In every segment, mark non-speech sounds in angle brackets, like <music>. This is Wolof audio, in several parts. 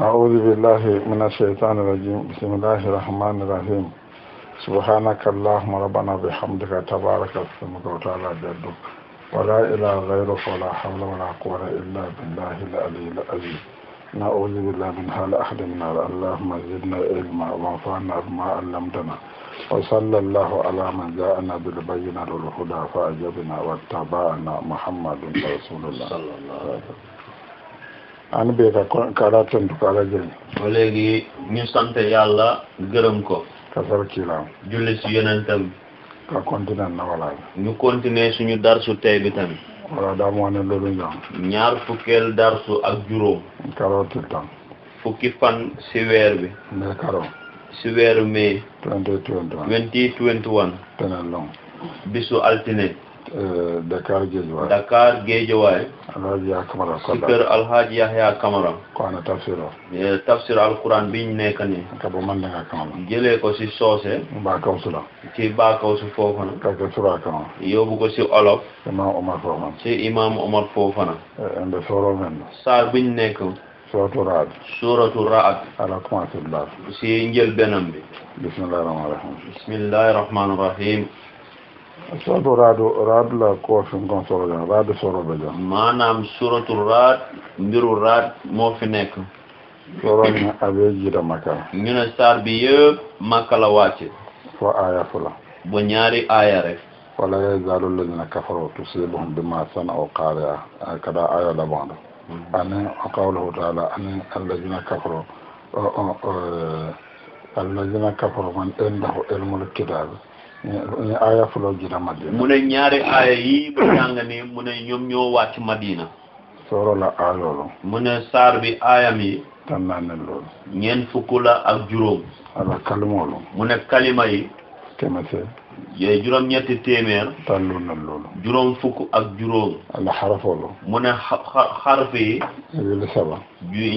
أعوذ بالله من الشيطان الرجيم بسم الله الرحمن الرحيم سبحانك اللهم ربنا بحمدك تبارك اسمك وتعالى جدك ولا إله غيرك ولا حول ولا قوة إلا بالله العلي العظيم نعوذ بالله من حال أحد من اللهم زدنا علما وانفعنا بما علمتنا وصلى الله على من جاءنا بالبينة والهدى فأجبنا واتبعنا محمد رسول الله صلى الله عليه وسلم an bee ka kaala tontu ko ala jëriñ. ba léegi ñu sant yàlla gërëm ko. kasar kiilaam. julli si yeneen ka continuer na wala. ñu continuer suñu darsu tey bi tamit. voilà daa moo loolu ñu ñaar fukkeel darsu ak juróom. karo tiltan. fukki fan si weer bi. mais karo. si weeru mai. twenty twenty one. twenty twenty long. bisu altine. Eh, Dakar Guédiawaye. Dakar Guédiawaye. Alhaji Yahya Kamara Kolda ko ana tafsiro. Eh, tafsir alquran biñ nekk nii. ka man danga Kamara. jëlee ko si soose. Mbakawusu la. ci Mbakawusu Fofana. ka kɛ ko si Olof. Imam Omar Fofana. si Imam Omar Fofana. Eh, Saar biñ nekk. suratu raad. suratu raad. si njël benam bi. bisimilahi soto raado raad la koofin kon soroja raado soroba ja maanaam suratu raad mbiru raad moo fi nekk soron abe jiita makka ñu ne saar bi yëpp makka la wàcce fo aya fula bo ñaari aya rek wala yazalu alladhina kafaru tusibuhum bima sana'u qariya kada aya la banda ani qawluhu ta'ala ani alladhina kafaru alladhina kafaru man indahu ilmul kitab aya fulo jida madina mu ne ñaari aya yi ba jàng ni mu ne ñoom ñoo wàcc madina sooro la aayolo mu ne saar bi aayam yi tan naa ne loolu ñeent fukk la ak juróom ala kalimoolu mu ne kalima yi kemete yooyu juróom ñetti téeméer tàllu na loolu juróom fukk ak juróom ala xarafoolu mu ne a xaraf yi li saba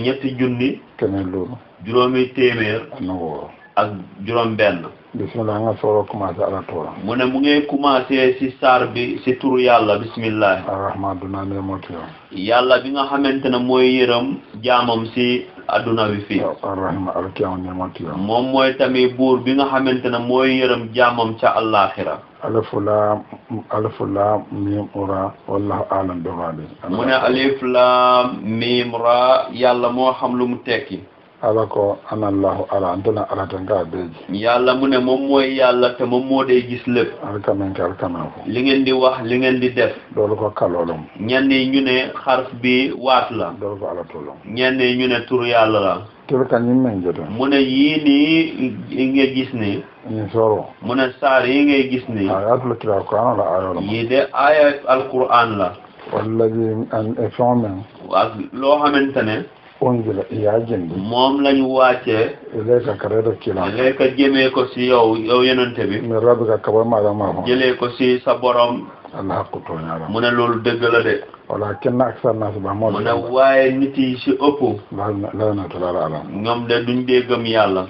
ñetti junni keneen loolu juróomi téeméer ana wooro ak juróom benn bismillah nga soog a commencé ala toora mu ne mu ngi commencé si saar bi si turu yàlla bismillah arrahman dunaa ne mooti yow yàlla bi nga xamante ne mooy yërëm jaamam si adduna bi fii arrahma alkiama ne mooti moom mooy tamit buur bi nga xamante mooy yërëm jaamam ca àllaaxira alif laam alif laam miim ra wallahu a'lam mu ne alif laam miim ra yàlla moo xam lu mu tekki ala ko anallahu ala antena ala ten ka beeji yàlla mu ne moom mooy yàlla te moom moo dee gis lépp alkamen ke alkamen ko li ngeen di wax li ngeen di def dool ko kaloolum ñenn ñu ne xarf bi waat la loolu ko ala tolum ñenn ñu ne tur yàlla la tilka ñi men jote mu ne yii nii nga gis ni ñi soro mu ne saar yi ngay gis ni ayatul ah, alquran la ayola yii de ayat alquran la walla ji an e, fon men waa loo xamante ne unzila iyaa bi moom lañu wàccee ilayka ka reer kila ilayka jëmee ko si yow yow yonente bi min rabbika kaba maaga maa jëlee ko si sa borom alhaqu tooñaala mu ne loolu dëgg la de voilà kenn aksan naa ba baax moo mu ne waaye nit yi si ëpp la la natu laala alam ñoom de duñ dee yàlla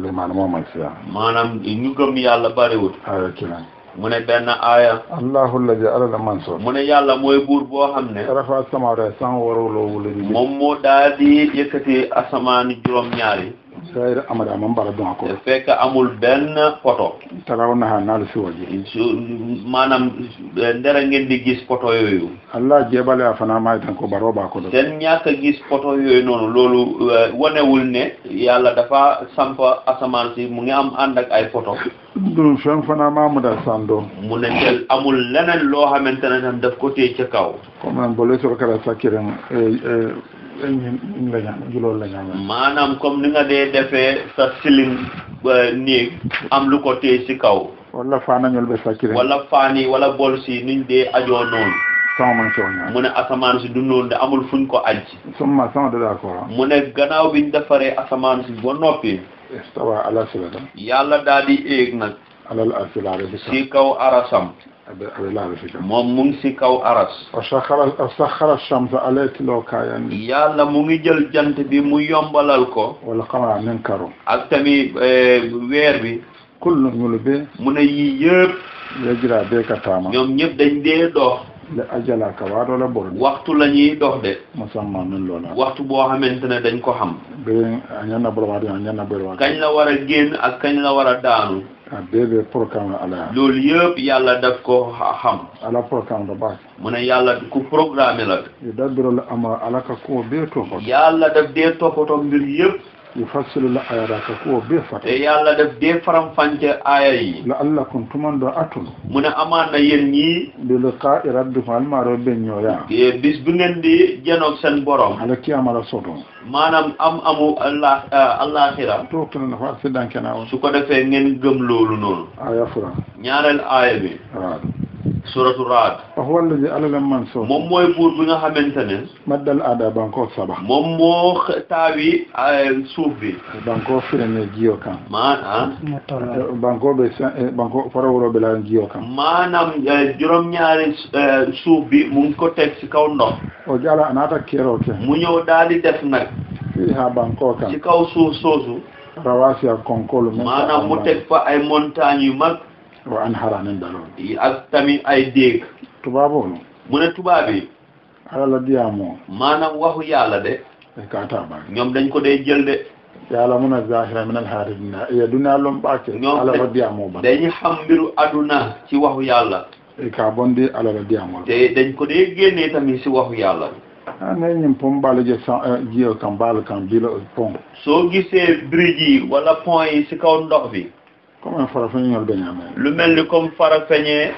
li man moo mag si maanaam ñu gëm yàlla bariwul ayo kila mu ne benn aaya allahu alladi alal mansur mu ne yàlla mooy buur boo xam ne rafa samawati san waroloo wula moom moo daal di yëkkati asamaan juróom ñaari sayr amada man bara don ko fekk amul benn poto taraw na naal siwoji maanaam eh, ndera ngeen di gis poto yooyu allah jeebale a fana mayi tan ko baroo baa ko do seen ñàkk gis poto yooyu noonu loolu eh, wanewul ne yàlla dafa sampa asamaan si mu ngi am ànd ak ay poto dum fen fana mamuda sando mu ne tel amul leneen loo xamante ne tam daf ko téye ca kaw comme nan bo le sokara sakiren maanaam comme ni nga dee defee sa siling néeg am lu ko téye ci kaw. wala faana ñool be sakki wala faani wala bol niñ dee ajoo noonu. sama mu ne asamaan si du noonu de amul fuñ ko aj suma sama de d'accord mu ne gannaaw biñ defaree asamaan si ba noppi. istawa yàlla daal di eeg nag. alal asila si kaw arasam. moom mu ngi si kaw aras saxara shamsa alati loo kaayan yàlla mu ngi jël jant bi mu yombalal ko wala xamara nen karo ak tamit weer bi kullun ñu lu bee mu ne yii yëpp yejira beeka taama ñoom ñëpp dañ dee dox ajala ka waato la bor waxtu la ñuy dox de musamman min loola waxtu boo xamante ne dañ ko xam be ñanna borwaat ñanna borwaat kañ la war a génn ak kañ la war a daanu a bébé programme ala loolu yëpp yàlla daf ko xam ala programme da baax mu ne yàlla ku programme la yo dabbirol ama ala ka koo bee toppatoo yàlla daf dee toppatoo mbir yëpp yufassilu la ayata ko be fata e yalla def de faram fance aya yi la allakum tuman do atul muna amana yen ñi bi liqa rabbikum al maro be ñoya e bis bu ngeen di jenok seen borom ala kiyama la soto manam am amu allah euh, allahira to ko na fa sidan kana su ko defee ngeen gëm loolu noonu aya fura ñaareel aya bi suratu raad wax walla ji alal mansuur moom mooy buur bi nga xamante ne maddal aada bankoo saba moom moo taawi eh, suuf bi bankoo firene jiyo kan maanaam bankoo be eh, bankoo be la jiyo kan maanaam juróom ñaari eh, suuf bi mu ko teg ci kaw ndox o jala anaata keeroo ke mu ñëw daali def nag fii haa bankoo kan ci kaw suuf soosu rawaasi ak konkoolu maanaam mu teg fa ay montagne yu mag waaw an xaraanin daloon. ak tamit ay déeg. tubaaboonu. mu ne tubaab yi. alala diyaamoo. maanaam waxu yàlla de. katabaay ñoom dañ ko dee jël de. yàlla mun a zahira min alhaari dunia iya dunia lom ɓaake alala diyamoo ba dañu xam mbiru aduna ci waxu yàlla e ka bondi alala diyamoo te dañ ko dee génnee tamit si waxu yàlla ane ah, ñim pom mbaalo je san eh, jiyo kam mbaalo kam bilo pont soo gisee bridge yi wala pont yi si kaw ndox bi comme un farafeñe wala beñaame. lu mel ni comme farafeñe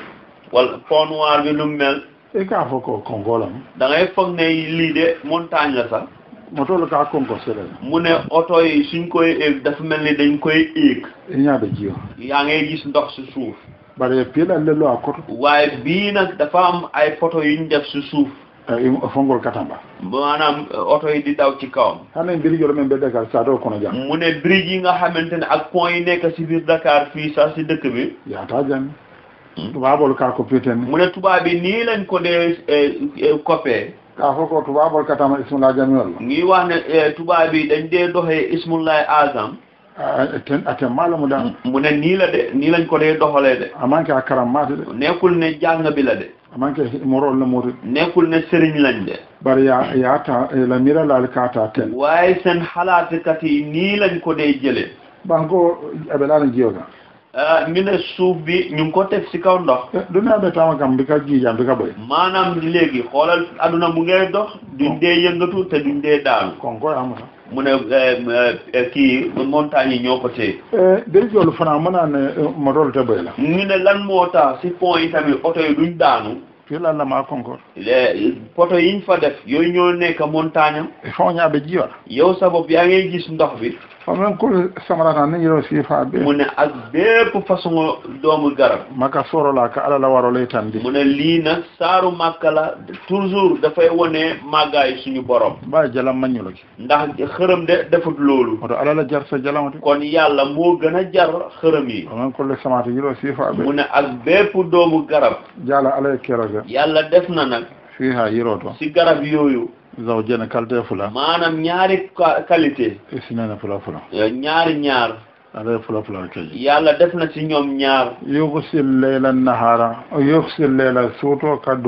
wala fond noir bi nu mu mel. e k'a fɔ ko Congo la. da ngay foog ne lii de montagne la sax. moto la k'a Congo sera. mu ne oto yi suñ koy éeg dafa mel ni dañ koy éeg. i ji yaa ngay gis ndox si suuf. bari pied la a koto. waaye bii nag dafa am ay poto yu ñu def si suuf. Eh, fongol katamba maanaam eh, oto yi di daw ci kawam hanen biriji oɗo men ɓe dakar sato kono jam mu ne biriji nga xamante ne ak point yi nekk si biir dakar fii sa si dëkk bi yaata jang hmm? tubaabol ka copiten mu ne tubaab yi nii lañ ko dee eh, copé kaa fof ko tubaabol katama ismulla ngi wax ne tubaab yi dañ dee doxee ismullahi azam ah, ten aten ah, maala mu daan mu ne nii la de nii lañ ko dee doxalee de amanque a karam maate de nekkul ne jàng bi la de amanke morol no motu nekkul ne sëriñ lañ de bari yaa yaata eh, la mira laal kaata ten waaye seen xalaatikat yi nii lañ ko dee jëlee ban ko eh, aɓe laala jiyoga mi ah, ne suuf bi ñu ngi ko teg si kaw ndox eh, duna aɓe tama kam bi ka jiijam bi ka ɓoy maanaam di léegi xoolal aduna mu ngee dox duñ dee yëngatu te duñ dee daalu kon koy amuta mu ne kii montagne yi ñoo ko téye. naa ne moto la te bëri ñu yi tamit oto yi daanu. fii la lama Concorde. poto yi ñu fa yooyu ñoo nekk montagne am. foo ñaabe jiwa. yow sa bopp yaa ngi gis ndox bi. fa min kulli samarataan ni yero si fa be mu ne ak bépp façon doomu garab maka sorola ka ala la waro lay tandi mu ne lii na saaru màkka la toujours dafay wone màggaay suñu borom ba jalam mañu la ndax xërëm de defut loolu oto ala la jar sa jalamati kon yàlla moo gën a jar xërëm yi fa min kulli samarataan yero si fa mu ne ak bépp doomu garab jala ala keroga yàlla def na nag fii ha yiroo to si garab yooyu zaw zawjana kalite fula maanaam ñaari qualité na fula fula ñaari ñaar ala fula fula keji yàlla def na ci ñoom ñaar yuqsil layla nahara yuqsil layla suto kadum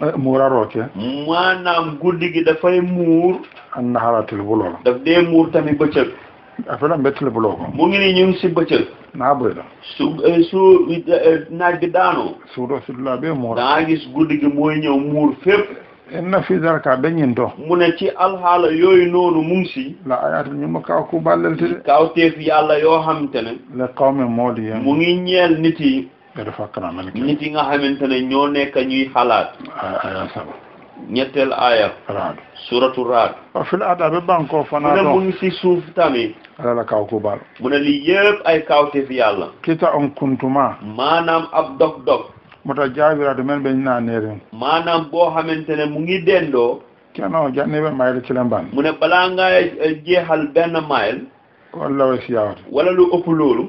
dum muuraroo ke maanaam guddi gi dafay muur an nahara tilbuloo la daf dee muur tamit bëccëg affaire am bëccëg buloo ko mu ngi ni ñu ci beccel na boy la su su na bi daanoo suutoo si dulaa bee muur gis guddi gi mooy ñëw muur fépp inna fi zalika dañin do mu ne ci alhaala yooyu noonu mu ngi si la ayaatu ñu ma kaw ku bàllelti de kaw teef yàlla yoo xamante ne la qawmi moodi mu ngi ñeel nit yi dafa yatafakkaruna nit yi nga xamante ne ñoo nekk ñuy xalaat aya saba ñetteel aya raad suratu raad wa fil adabi banko fana do mu ngi si suuf tamit ala la kaw ku bal mu ne li yëpp ay kaw teef yàlla kita on kuntuma maanaam ab dog dog mota jaabiraatu men ɓe nanneeren manam boo xamante ne mu ngi dendoo keno janniɓe mayre cilamban mu ne balaa ngaa e, e jéexal benn mile ko lawa siyawata wala lu ëpp loolu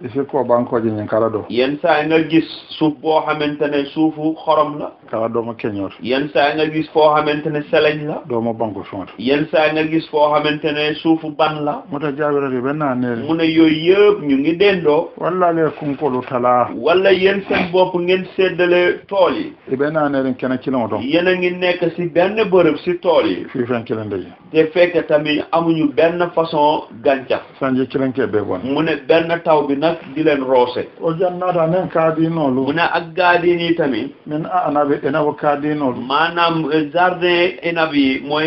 isi ko bankoje ñin kala do yen sa nga gis suuf bo xamantene suufu xorom la kala ma keñoot yen sa nga gis fo xamantene selagn la do ma banko soot yen sa nga gis fo xamantene suufu ban la mota ta jaabirati ben naa neeri mu ne yooyu ñu ngi dendo walla le kum ko lu tala walla yen seen bop ngeen seddale tool yi ɓe naa ne ren ken ci lamoto yen nga nekk ci ben bërëb ci tool yi fi fen ci lende te fekk tammi amuñu ben façon gantia sanje ci kilankee ke be won mune ben taw bi na ak di leen roose o jannata nen kaadinoolu muna ak gaadini tamit min anabi enabu kaadinoolu manam jardin enabi e, e, e, yi mooy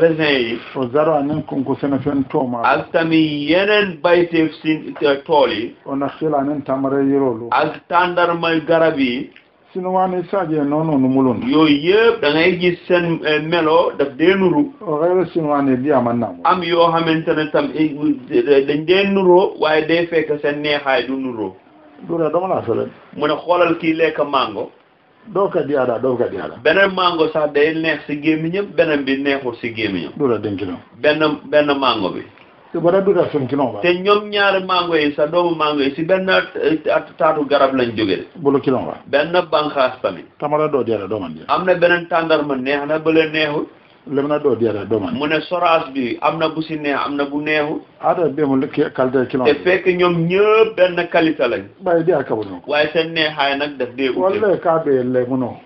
raisin yi o zaro anen konko sene fen tooma ak tamit yenen bayteef si tool yi ona xila anen tamare yiroolu ak tandarma garab yi sinuwaani sadie noonu nu mulun yooyu yëpp da ngay gis seen eh, melo daf dee nuru xeyra sinuwaani bi aman naam am yoo xamante ne tam eh, dañ dee nuroo waaye day fekk seen neexaay du nuroo dura dama laa felen xoolal kii lekk mango doo ka diyaada doo ka diyaada beneen mango sax day neex si gémmiñam beneen bi neexul si gémmiñam dura dénki la benn benn mango bi te ñoom ñaari mango yi sa doomu mango yi si benn taatu garab lañ jóge de. bolo kilon wa. benn banqaas tamit. tamara doo dee la doo man am na beneen tàndarma neex na bële neexul. lem na doo dee la mu ne soraas bi am na bu si neex am na bu neexul. ah dama demul qualité kilon. te fekk ñoom ñëpp benn qualité lañ. waaye dee ak kaw waaye seen neexaay nag daf dee. wala kaa bee lay munoo.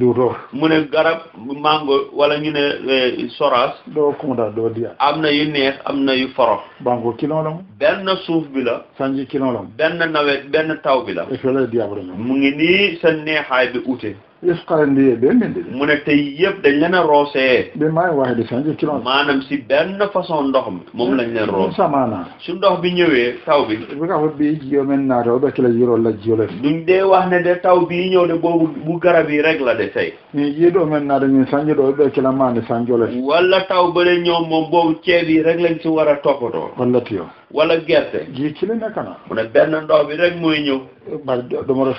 duutoo mu ne garab màngo wala ñu ne eh, soraas. doo Kounda doo Dia. am na yu neex am na yu foro. bango kilo la mu. benn suuf bi la. sanji kilo la mu. benn nawet benn taw bi la. et puis loolu mu ngi nii sa neexaay bi ute. yusqarandiyee bee mindi mu ne tey yëpp dañ leen a roosee bi maay waaye di sanji kilo maanaam si benn façon ndox mi moom lañ leen roose samaanaa su ndox bi ñëwee taw bi bi nga bi bii jiyo men naata o bekki la jiro la jiyo la duñ dee wax ne de taw bii ñëw de boobu bu garab yi rek la de tey ñii jii doo men naata ñun sanji doo bekki la maandi sanjole wala taw ba ñoo ñoom moom boobu ceeb yi rek lañ si war a toppatoo wallati yo wala gerte. ji ci la nekk na. mu ne benn ndaw bi rek mooy ñëw. bari dama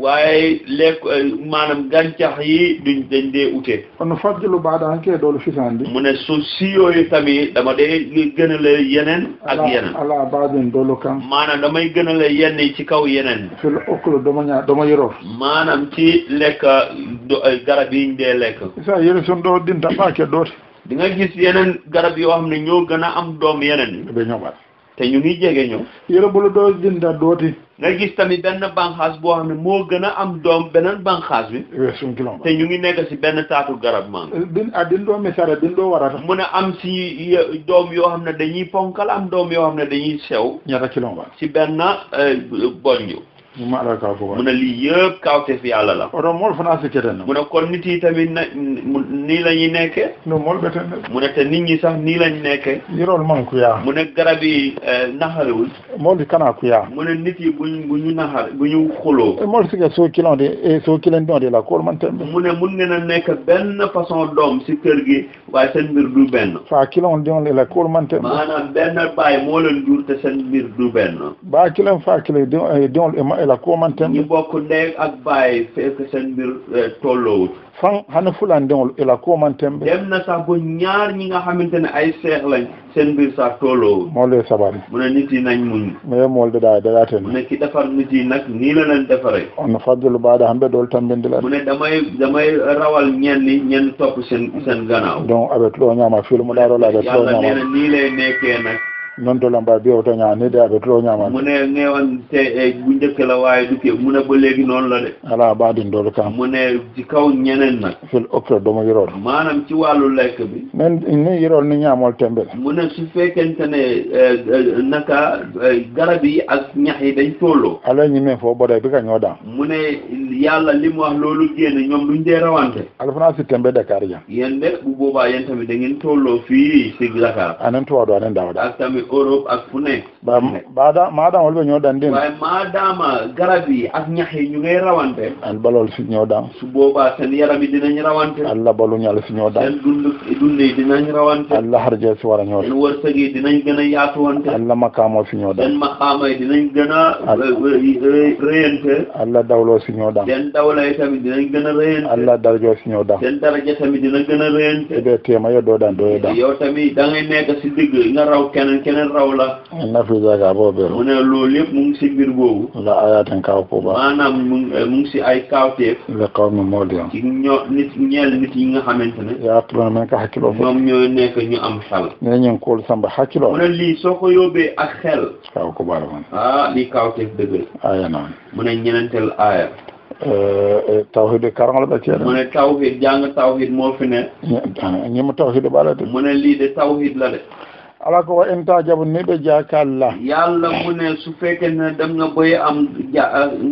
waaye lekk euh, maanaam gàncax yi duñ dañ dee ute. kon fajlu baadaan kee doolu fisaan bi. mu ne su si yooyu tamit dama dee gën a la yeneen. ak yeneen ala ala baadin doolu kan. maanaam damay gën a la yenn ci kaw yeneen. fi la okk dama ñaa maanaam ci lekk garab yi ñu dee lekk. isa yéen sun doo dinta baake dooti. di nga gis yeneen garab yoo xam ne ñoo gën a am doom yeneen. ba ñëwaat. te ñu ngi jege ñu. yéen a bëgg doo jënda dooti. nga gis tamit benn banqaas boo xam ne moo gën a am doom beneen banqaas bi. weesuñ eh, te ñu ngi nekk si benn taatu garab man eh, bin ah din doo misare din doo warata. mun a am si doom yoo xam ne dañuy ponkal am doom yoo xam ne dañuy sew. ñaata kilo si benn eh, boñju. mu ala ka ko mu ne lii yëpp kawte fi yàlla la oto mool fana sikkete na mu ne kon nit yi tamit nii la ñu nekke no mool beten mu mu ne garab yi eh, naxarewul mool di kanaa ku yaa mu ne nit yi bu ñu naxar bu ñu xuloo eh, mool si ka soo kilon de eh, soo kilon don de la kool man tembe mu ne mun ngeen a nekk benn façon doom si kër gi waaye seen mbir du benn faa kilon don de la kool man tembe maanaam benn baay moo leen jur te seen du benn baa kilon faa kilon don e la ñi bokk ndey ak baay fekk seen mbir e, tolloowut fan hane fulandeŋol e la komanten ɓe dem na sax ba ñaar ñi nga xamante ne ay seex lañ sen mbir sax tolloowut moo e sababi mu ne nit yi nañ muñ mais mool dadaa dadaten mu ne ki defar nit yi nag nii la leen defaree ono baada hamɓe dool tambindi la ne damay damay rawal ñenn ñenn topp seen seen gannaaw donc avec loo ñaama filmu daarola avec loo ñaama yàlla nee na non to lamba bi oto ñaani de aɓe tulo ñaman mu ne newan te e bu njëkk la waaye du ke mu ne ba léegi noonu la de ala baadin doolu kam mu ne ci kaw ñeneen nag fil octo dama yirool maanaam ci wàllu lekk bi nen ni yirool ni ñaamool tembel mu ne su fekkente ne eh, eh, naka garab yi ak ñax yi dañ tolloo ala ñi men foofu boday bi ka ñoo daan mu ne yàlla li mu wax loolu génn ñoom duñ dee rawante alfana si tembe Dakar ya yen de bu boobaa yéen tamit da ngeen tolloo fii si Dakar anen tuwa Europe ak fu ne. ba baada maadaama wala ñoo daan dénk. waaye maadaama garab yi ak ñax yi ñu ngay rawante. al balool si ñoo daan. su boobaa seen yaram yi dinañ rawante. al si ñoo daan. seen dund dund yi dinañ rawante. al laxarja si war a ñoo daan. seen wërsëg yi dinañ gën a yaatuwante. al la makaamoo si ñoo daan. seen makaama yi dinañ gën a. rëyante. al la dawloo si ñoo daan. seen dawla yi tamit dinañ a rëyante. al si ñoo daan. dina gën a rëyante. te bee téema doo daan doo daan. yow tamit da ngay nekk si digg beneen raw la. na fi zaka boo beeree. mu ne loolu yëpp mu ngi si mbir boobu. la ayatin kaw boobu. maanaam mu ngi si ay kaawteef. la kaw mi moo di ci ñeel nit yi nga xamante ne. yaa tuloon nañ ko xàkkiloo. ñoom ñoo nekk ñu am xel. nee ñu ngi kóol samba xàkkiloo. mu ne lii soo ko yóbbee a xel. kaw ko baal ma. ah lii kaawteef la. aya naan. mu eh, eh, de. mu ne lii de tawhid la de. ala ko wa in tajabu ni ɓe jakalla yalla mune so fekene dem ah, nga boye am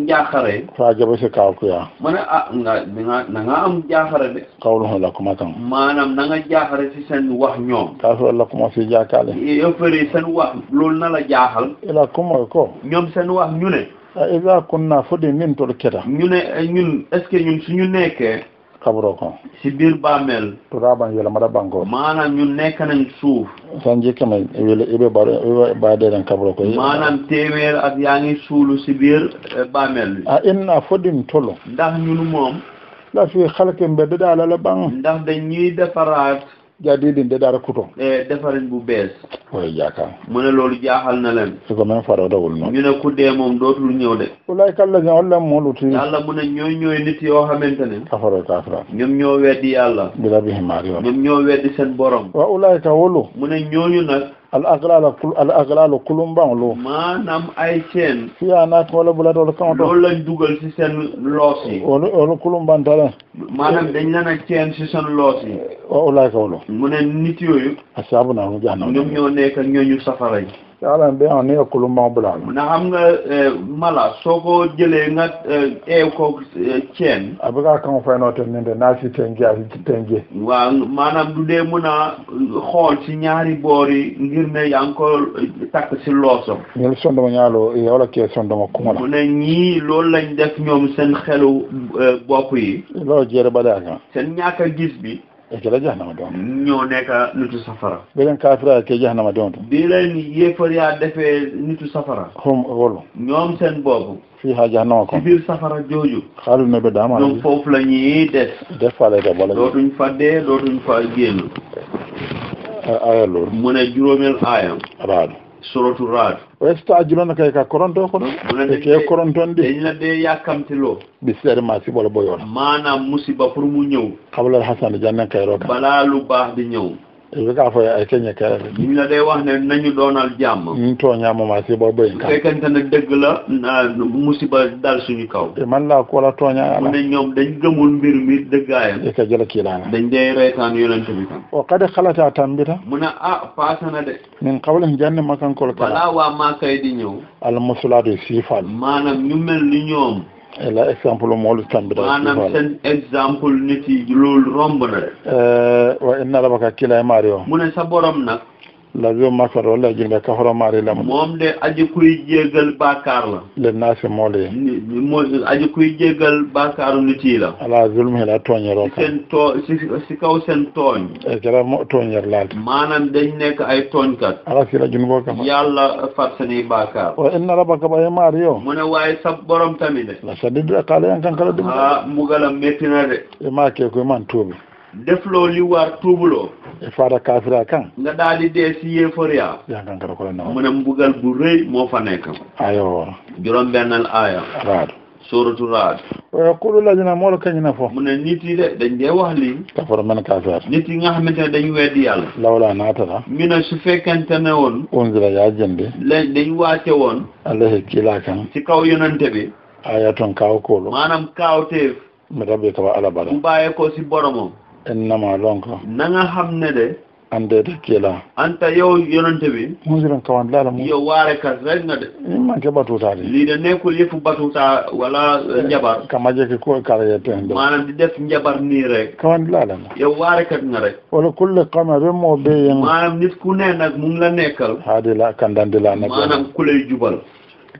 jaakare fa jaba si kakuya mone a nga nanga am jaakare de kawluhu lakkuma kan manam nanga jaakare si sen wax ñoom kafiro lakkuma si jakale yofere sen wax loolu na la jaaxal ila kuma ko ñoom sen wax ñu ne a ida kunna fodi nin tol keta ñu ñun est que ñun suñu nekkee kaburo kon si biir bàmmeel turaban wela mbaɗa banko maanaam ñun nekk nañ suuf tan jikkama wela iɓe baɗo iɓe baɗeɗen kaburo koy yaa ngi suulu si biir eh, bàmmeel a inna fodim tolo ndax ñun moom la fi xalke mbeddeɗa alala ɓan ndax dañuy defaraat jaabiɗin de dara kuto e defarin bu bees oye jaaka mu ne loolu jaaxal na leen soko men dawul noon ñu ne de mom dootul ñew de ulay kalla ña olla moluti yàlla mu ne ñoy ñoy nit yo xamantene safaro kafaro ñom ñoo weddi yàlla bi rabbihim himaari ñom ñoo weddi seen borom wa ulay wulu wolu mu ne ñooñu nag al aglaal al aglaal kulumbaŋ lu. maanaam ay ceen. fiyaa naat wala bulat wala kamatoo. loolu lañ dugal ci seen loos yi. wala wala kulumbaŋ tala. maanaam dañ la nag ceen ci seen loos yi. waaw laay kaw mu ne nit yooyu. asaabu naa mu jaaxal. ñoom ñoo nekk ñooñu safara yi. caalaan bi am ni yokkulu maw bulaa na xam nga eh, mala soo eh, ko jëlee eh, nga eew ko ceen a bi kaa kaŋ fay noo te nii de naa a si tënkee waaw maanaam du dee mun a xool si ñaari boori ngir ne yaa ko takk si looso ñun sondoma ñaaloo yow la kee sondoma kuma la mu ne ñii loolu lañ def ñoom sen xelu bopp yi loolu jeere ba daa seen ñaaka gis bi kela jahanama don ñoo nekka nitu safara ɓeɗen kafira ke jahanama don ton ɗiren yeforiya defe nitu safara hom wolo ñoom sen boobu fi ha jahanama kon sibir safara jooju haaluno ɓe dama ɗum foof lañi des de bola ɗotuñ fadde ɗotuñ fa génnu aya lor mune juróomel aya aɗaɗo suratu raad o na kay ka koronto kono eke korontonde dañna de yakamtilo bisere ma siɓola boyona manam musiba pour mu ñëw kabalal hasane jannan balaa lu baax di ñëw ɓe ka foye ay keñe kayale ñu la day wax ne nañu doonal jàmm ñu tooñaa moma si bo bëy ka fekkante na dëgg la musiba dal suñu kaw man laa koola tooñaa mu ne ñoom dañ gëmul mbir mi dëggaayam e ka jëla kiilaana dañ day reytaan yonente bi kan o kadi xalataa tambi ta mu ne ah paasana de min xawlen janni makankol kala balaa waa maa kay ñu mel ni ñoom la exemple mool islam bi daal maanaam seen exemple nit yi loolu romb na de. Eh, waaye inna rabbaka kii laay maar yow. mu ne sa borom nag. la vie au makaro la jinga kafara mari la mom de aji kuy jégal bakar la le nasi mole mo aji kuy jégal bakaru niti la ala zulmi la toñero ka sen to si kaw sen toñ e jara mo toñer la manam dañ nek ay toñ kat ala si la jun bo kam yalla fatsani bakar wa inna rabbaka ba mario mu ne waye sa borom tamide la sadidu qala yan kan kala dum ah mugala metina de e ma ke ko man tubi def defloo li war tuubuloo faata kaafira kan nga daal di dee si yéeforiya yankankara ko la nawa mu ne mbugal bu rëy moo fa nekk aaya woora juróom bennal aaya raadu suratu raad kulu lajina moolu na fo mu ne nit yi de dañ dee wax lii kafara man kafir nit yi nga xamante ne dañ weddi yàlla lawla naatala ñu ne su fekkente ne woon unzila yaa jëndi lañ dañ wàcce woon alahi kiilaa kan ci kaw yonante bi aaya ton kaaw koolu maanaam kaaw téef mi rabbi ka wa alabara mu bàyyee ko si boromam innama lonka na nga xam ne de ante ta kela anta yow yonante bi musiran kawan lala mu yow waare kas rek nga de min manke batutaade lii de nekkul yëfu batuta wala eh, eh, njabar kama jeke ko ye ten de maanaam di def njabar nii rek kawan lala mu yow waare kat nga rek wala kulle kama be moo be yen maanaam nit ku ne nag mu la nekkal haadi la kandandi la nag maanaam ku lay jubal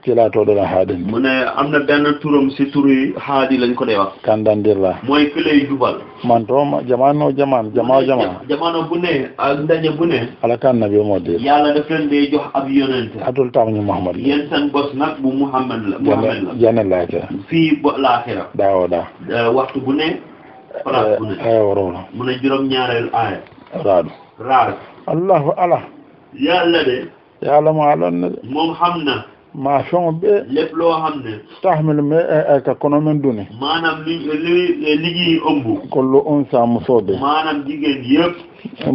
ikhtilaatoo la haadi mu ne am na benn ko dee wax kandandirla mooy ki lay jubal man toom jamaano jamaan jamaa jamaa jamaano bu ne ak ndaje bu ne ala kan nabi moo dee yàlla daf leen ab yonente atul taam muhammad la bos nag bu muhammad la muhammad la janne laake fii bo laaxira daawoo waxtu bu ne place bu ne ñaareel aaya raadu allahu ala yàlla moo aloon moom xam na ma feŋo ɓe lépp loo xam ne tahmil me e, e ka kono men dune maanaam e li li liggéey ëmb kolo on saa musoo be maanaam jigéen yëpp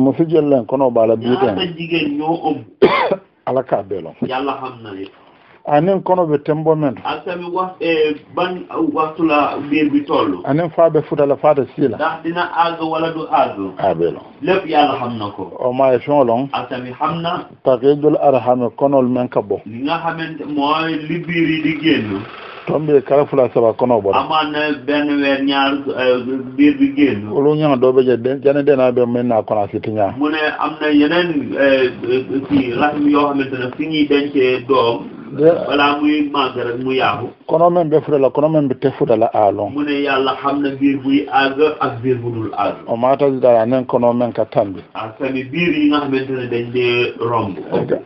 musu jël leen kono baala biiten ñaata jigéen ñoo ëmb ala kaa beelon yàlla xam na anin kono ɓe tembo men asami e ban uh, wattula beebi tollu anin faa ɓe futala faata siila ndax dina aago wala du aago aɓeelo lépp yalla xam na ko o maaye feŋo loŋ asami xam na takejol ara hame konol men ka bo li nga xamante mooy li biir yi di génn tombe kala fula saba kono bo aman ben wer ñaar euh, bir bi genn lu ñaan do be jade jane dena be men na kono ci tiña mu ne amna yeneen ci euh, euh, rahim yo xamantene fi ñi dencé doom wala muy magara mu yaahu kono men be la kono men be te fudala aalon mu ne yàlla xam na biir buy aag ak biir bu dul aag o maata dara nen kono men ka tambi a tani biir yi nga xamante ne dañ dee romb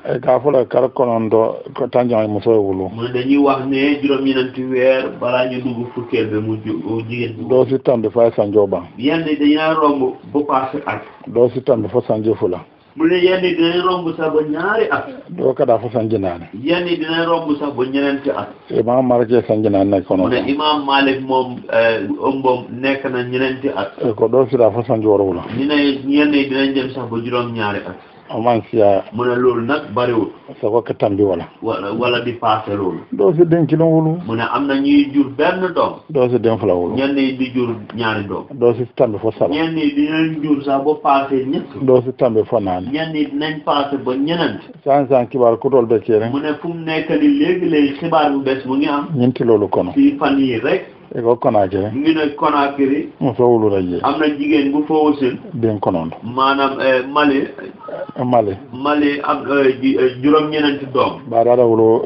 e gaa fula kar konon do ko tanjang mu soy wulu mu dañuy wax ne juróom ñenanti weer balaa ñu dugg fukkeel be mu jigéen doo si tambi fay sanjoo ban yenn dañaa romb bu passé ak doo si tambi fo sanjoo fula mu ne yenn dinañ romb sax ba ñaari at. doo ko dafa sanji naane. yenn dinañ romb sax ba ñeneenti at. Imaam Malik yee sanji na. mu ne Imaam Malik moom eh, ëmboom nekk na ñeneenti at. Eh, ko doo si dafa sanji waruwul. ñu ne yenn dinañ dem sax ba juróom ñaari at. man siya mu ne loolu nag bariwul sago ka tambi wala wala di passé loolu doo si denci la wulu mu ne am na ñuy jur benn doom doo si den fala wulu ñenn yi di jur ñaari doom doo si tambi fo saba ñenn yi dinañ jur sax ba passé ñett doo si tambi fo naani ñenn yi dinañ passé ba ñeneen san san kibaar ku dool beccee mu ne fu nekk ni léegi léegi xibaar bu bees mu ngi am ñinti loolu kono si fan yi rek eko Konakiri mbino Konakiri mo fowlura je am na jigéen bu fowo sen ɓen konoon maanaam eh, Mali Mali Mali am eh, eh, juróom ñenenti doom mbaɗa aɗa wolo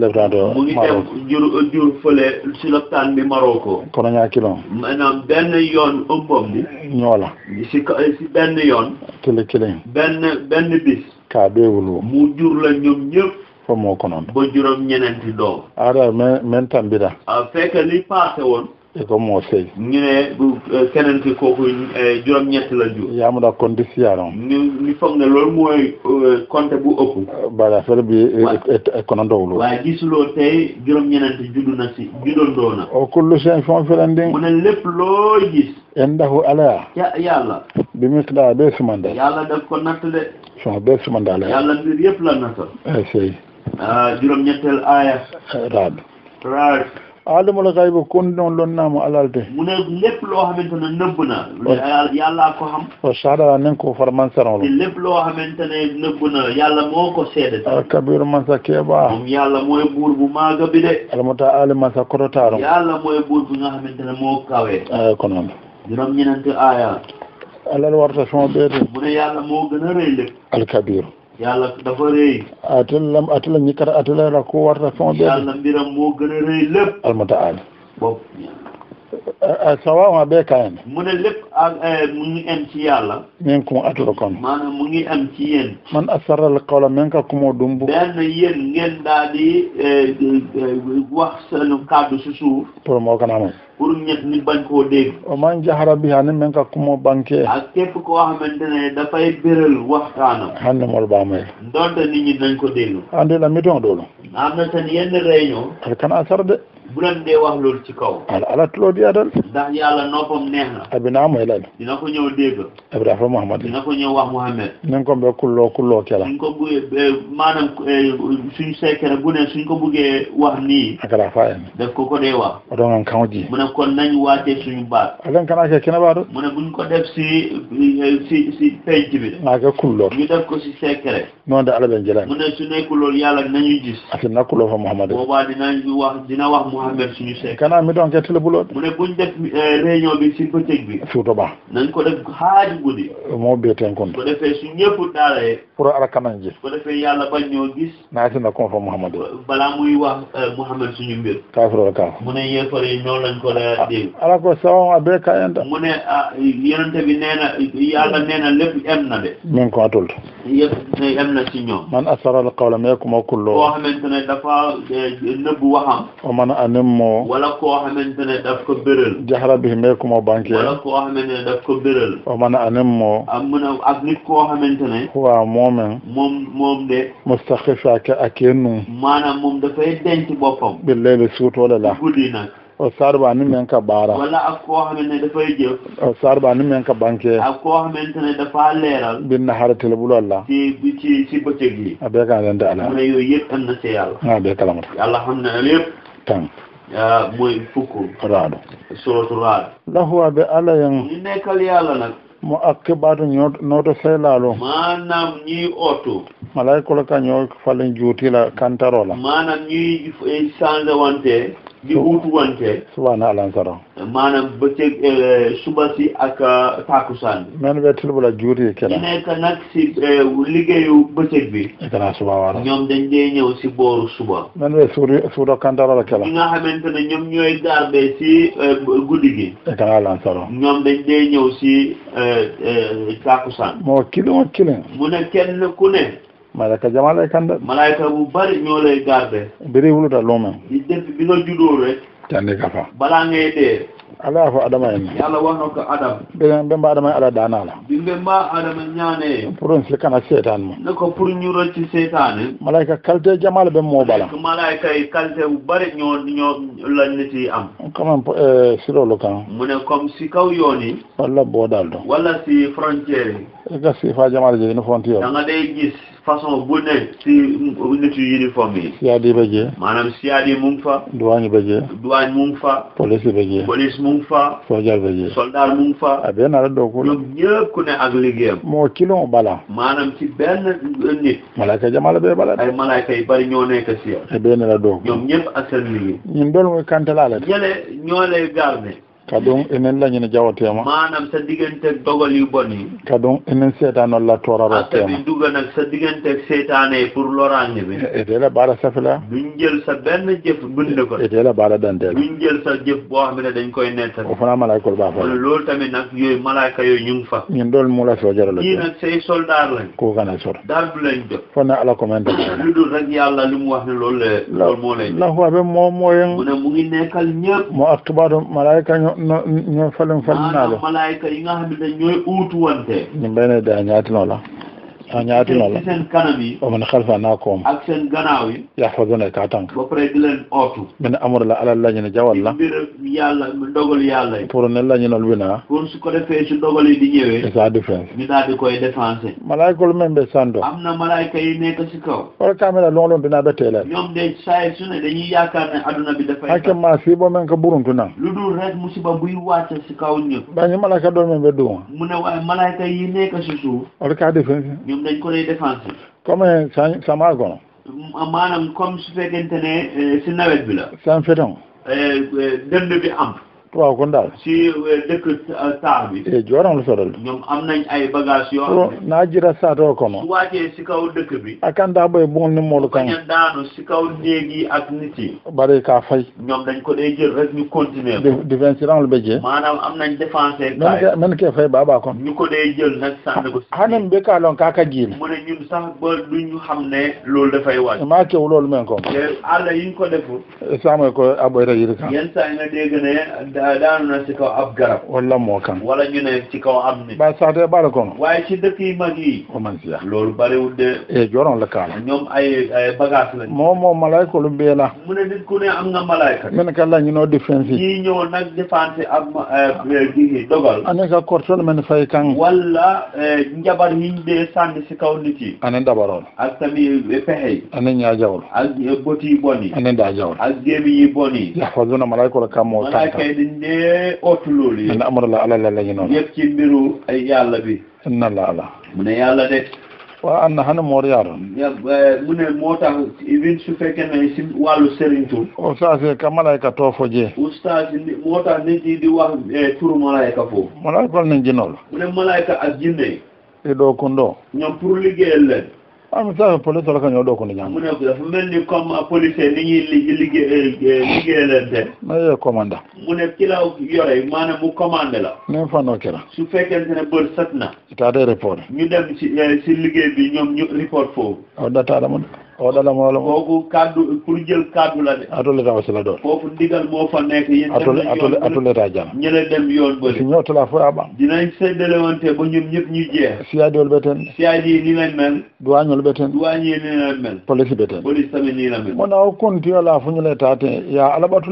leftato mu ngi jur jur si loptaan bi Maroko kono ñaa kilon benn yoon ëmbam bi ñoola si benn yoon kili kilin benn benn bis ka doywul wo mu jur la ñoom ñëpp fommo konon bo juróom ñenenti doom aɗa min min tambita ah, fekka ni passé won eko mo sey ñu ne eh, kenenti kooku eh, juróom ñett la jur yamuɗa eh, compte bi kono ndowlu waaye gisuloo tey juróom ñenenti juddu na si juddondoo na o kullu seen fon firandin mu ne lépp loo gis endahu ala yàlla bi miqda be sumandal yàlla daf ko natt de son be sey Ah, juróom-ñettel aaya. raadu. raadu. alamul ghayb kon noon mu ne lépp loo xamante ne nëbb na oh. yàllaa ko xam oh, o far man sarolo lépp loo xamante ne nëbb na moo ko seede ta ah, kabiru man sa keeɓa moom yàlla maaga bi de alamata ali man sa kototaaro yàlla mooy buur bu nga xamante moo kawee ay ah, ko noon juróom ñenante aaya alal warta suma beete mu ne yàlla moo gën a rëy lépp yàlla dafa rëy. atullam atullam ñi kat la ko warta fond bi. yàlla moo gën a rëy lépp. almutaal. boobu. sawa bee kaayam. mu ne lépp ak eh, mu ngi ci yàlla. min kum atulakoon. maanaam mu ngi ci yéen. man asaral qawla min ka kumoo dumbu. benn yéen ngeen daal di eh, eh, wax seen kàddu si suuf. pour pour ñett nit bañ koo dégg. wa man jahara biha ni men ka kumoo banqué. ak képp koo xamante ne dafay bérél waxtaanam. xam ne mool baa may. ndonte nit ñi nañ ko déglu. andi la mi doon doon. am na seen yenn kana asar de. bu leen dee wax loolu ci kaw. ala ala tulo di adal. ndax yàlla noppam neex na. abinaa mooy lan. dina ko ñëw dégg. Ibrahima Muhammad. dina ko ñëw wax Muhammad. nañ ko mbéy kulloo kulloo kela. suñ ko buggee eh, maanaam eh, suñ seekere bu ne suñ ko buggee wax ni akara faa yéen. daf ko ko dee wax. o doon nga kan ji. mu ne kon nañ waatee suñu baat. ala nga kanaa kee kene baa mu ne buñ ko def si si si penc bi. naa kee kulloo. ñu def ko si seekere. non de ala bɛ njëlañ. mu ne su nekkul loolu yàlla nañu a Mouhamed Siniou kana mi toon kettale buloɗe mune buñ def eh, réunion bi si bëccëg bi suuto ba nañ ko def haaji guddi moo biyeten kon ko defee su ñëpp daaraye pour ara kanan ji ko defee yàlla bañ ñoo gis naatina confo Mouhamed balaa muy wax eh, Mouhamed suñu mbir kaafirol kaaf mu ne yéefar yi ñoo lañ ko la dégg ala ko sawon a bee ka enda mu ne ah, yonente bi nee na yàlla nee na lépp em na de min ko atoltu yëpp ne em na si ñoom man asaralqawla mais ku ma kulloo koo xamante ne dafa eh, nëbb waxam o man a anin wala ko xamantene daf ko bëral jaxra bi me ko mo banke wala ko xamantene daf ko bëral o man anemmo mo am na ak nit ko xamantene wa momen mom mom de mustakhifa ka akenu manam mom dafay denc boppam bi leele sut wala la guddi nak o sarba ni men ka bara wala ak ko xamantene da fay jeuf o sarba ni men ka banke ak ko xamantene da fa leral bin la bulu allah ci bi ci ci beccegi abeka abe da ala mo yoy yep tan na ci yalla be kalamat yalla xamna lepp tan moy fukku raɗo soroto raɗo lahuwa ɓe ala yen ine kali ala nak mo akkebaato nooto sehlaalo manam ñii oto malay kola ka ñoo falen juutila kantarola manam ñii change eh, wante di hutu wante. suba na alansara. maanaam bëccëg suba si ak takusaan. men be tilbula juuri kela. ñu nekk nag si liggéeyu bëccëg bi. kana suba wala. ñoom dañ dee ñëw si booru suba. men be suuri suuro kantara la kela. ñi nga xamante ne ñoom ñooy garder si guddi gi. kana alansara. ñoom dañ dee ñëw si takusaan. moo kilo moo kilo. mu ne kenn ku ne. malaaka jamaa lay kanda malaaka bu bari ñoo lay garder biri wuluta luumen di def bi nga juddoo rek candi ka fa balaa ngay dee ala fo adama en yalla wonno ko adam ɓe ɓemba adama ala danala ɗimɓe mba adama ñaane pour on silkana seytane mum ne ko pour ñu rocci seytane malayka qualité jamala ɓe mobala malayka e qualité bari ño ño lañniti am quand même euh, sirolo kan mune comme si kaw yooni walla boodal ɗo walla si frontiére e ga sifa jamala jeyi no fonti yo danga ɗe gis façon bu ne ci nit yu uniforme yi. siyaadi ba jee. maanaam siyaadi mu ngi fa. douane ba jee. douane mu ngi fa. police ba jee. police mu ngi fa. soldat ba jee. soldat mu fa. a bɛ nara dɔw ko la. ñëpp ku ne ak liggéeyam. moo kilo bala. maanaam ci benn nit. malaaka jamala bee bala. ay malaaka yi bari ñoo nekk si yow. a bɛ nara dɔw ko. ñoom ñëpp ak seen liggéey. ñun doon mooy kante la la. ñoo lay ñoo lay garder. kadon enen lañini jawatema manam e, e sa digante dogal yu boni kadon enen setano la toraro tema asabi duga nak sa digante setané pour lorange bi etela bala safla buñ jël sa ben jëf bund ko etela e bala dante buñ jël sa jëf bo xamné dañ koy netal o fana malaikul ba fa lool tamit nak yoy malaika yoy ñu fa ñun dol mu la so jaralo ñi nak say soldat lañ ko gana sor dal du lañ def fana ala ko men lu dul rek yalla li mu wax ne lool lool mo lay la huwa be mo moyen mu ne mu ngi nekkal ñepp mo ak tubadu malaika ñu no falin falin na lo malaika yi nga hambe ñoy utu wante ñi bene da ñaati la a ñaati noonu la seen kanam yi. wa man xalfa naa koom. ak seen gannaaw yi. yaxfazuna ka tànk. ba pare di leen ootu. min amr la alal la ñu ne jawal la. mbir ne la ñu noonu binaa. pour su ko defee su yi di ñëwee. di koy défensé. malaayikul même be sando. am na malaayika yi nekk si kaw. wala kaamila longolon dinaa ba teelal. ñoom de boo meen ko buruntu na. lu dul rek musiba buy wàcc si kaw ñëpp. ba ñu malaayika doon meen be mu ne waaye malaayika yi nekk si suuf. wala kaa défense. ñoom dañ ko lay défensif. comme sa sama gono. maanaam comme su fekkente ne si nawet bi la. sans féton. dënd bi am. tuwa kun e, da shi e, duk saabi eh joran la soral ñoom am nañ ay bagage yo naa jira sa to ko no waje si kaw dëkk bi akan da bay bon ni moolu kan ñan daanu si kaw neegi ak nit yi bari ka fay ñoom dañ ko day jël rek ñu continuer di defense ran la beje maanaam am nañ défense kaay man kee fay baba kon ñu ko day jël nag sànn ko si be bi kaaloon kaa ka jiin mu ne ñun sax ba duñu ne loolu dafay wàcc maa ke loolu men ko te yi ñu ko defu sama ko aboy rek yirka yeen sa nga dégg ne daanu na ci kaw ab garab. wala moo kan. wala ñu ne ci kaw am nit. ba sax de baara kono. waaye ci dëkk yi mag yi. o man si loolu bariwul de. e joron la kaala. ñoom ay ay bagages lañ. moo moo malayka lu bee la. mu ne nit ku ne am nga malayka. mën ka la ñu noo défense. ñii ñëw nag défense ak dogal. ane ka kortoon men fay kan. wala njabar yi ñu dee sànni ci kaw nit yi. ane dabaroon. ak tamit pexe yi. ane ñaa jawul. ak boti yi bon yi. ane daa jawul. ak géemi yi bon yi. yàlla foofu dina malayka la kan moo. malayka yi bindee ootu loolu yi. na amulala ala la la ñu noonu. yëpp ci mbiru a yàlla bi. na la ala. mu ne yàlla de. waaw am na xanaa Mor Yaro. Eh, mu ne moo tax even su fekkee ne si wàllu Serigne Tour. oustaz eh, ka malayka too fo jee. oustaz moo tax di wax eh, turu malayka foofu. malayka nañ jinol mu ne malayka ak jinne. i doo kundoo. ñoom pour leen. am sa police la ka ñoo do ko ni ñam mu ni ni liggéey eh, eh, liggéey leen de ma ye commanda mu ne ki la yore maanaam mu commandé la ne fa no kira su fekkente ne bër set i ita i report ñu dem eh, ci liggéey bi ñoom ñu report foofu aw data dama o ɗala mawla kooku kaddu pour jël kaddu la de atoleta o sila ɗon foofu ndigal moo fa nekk yéen atoleta jam ñene dem yoon bëri si ñowtala fo a ɓam dinañ seddalewante ba ñun ñëpp ñu jeex siyaadiol ɓe ten siyaadi ni lañ mel duwañol ɓe ten duwañe ni lañ mel police ɓe ten police tamit ni la mel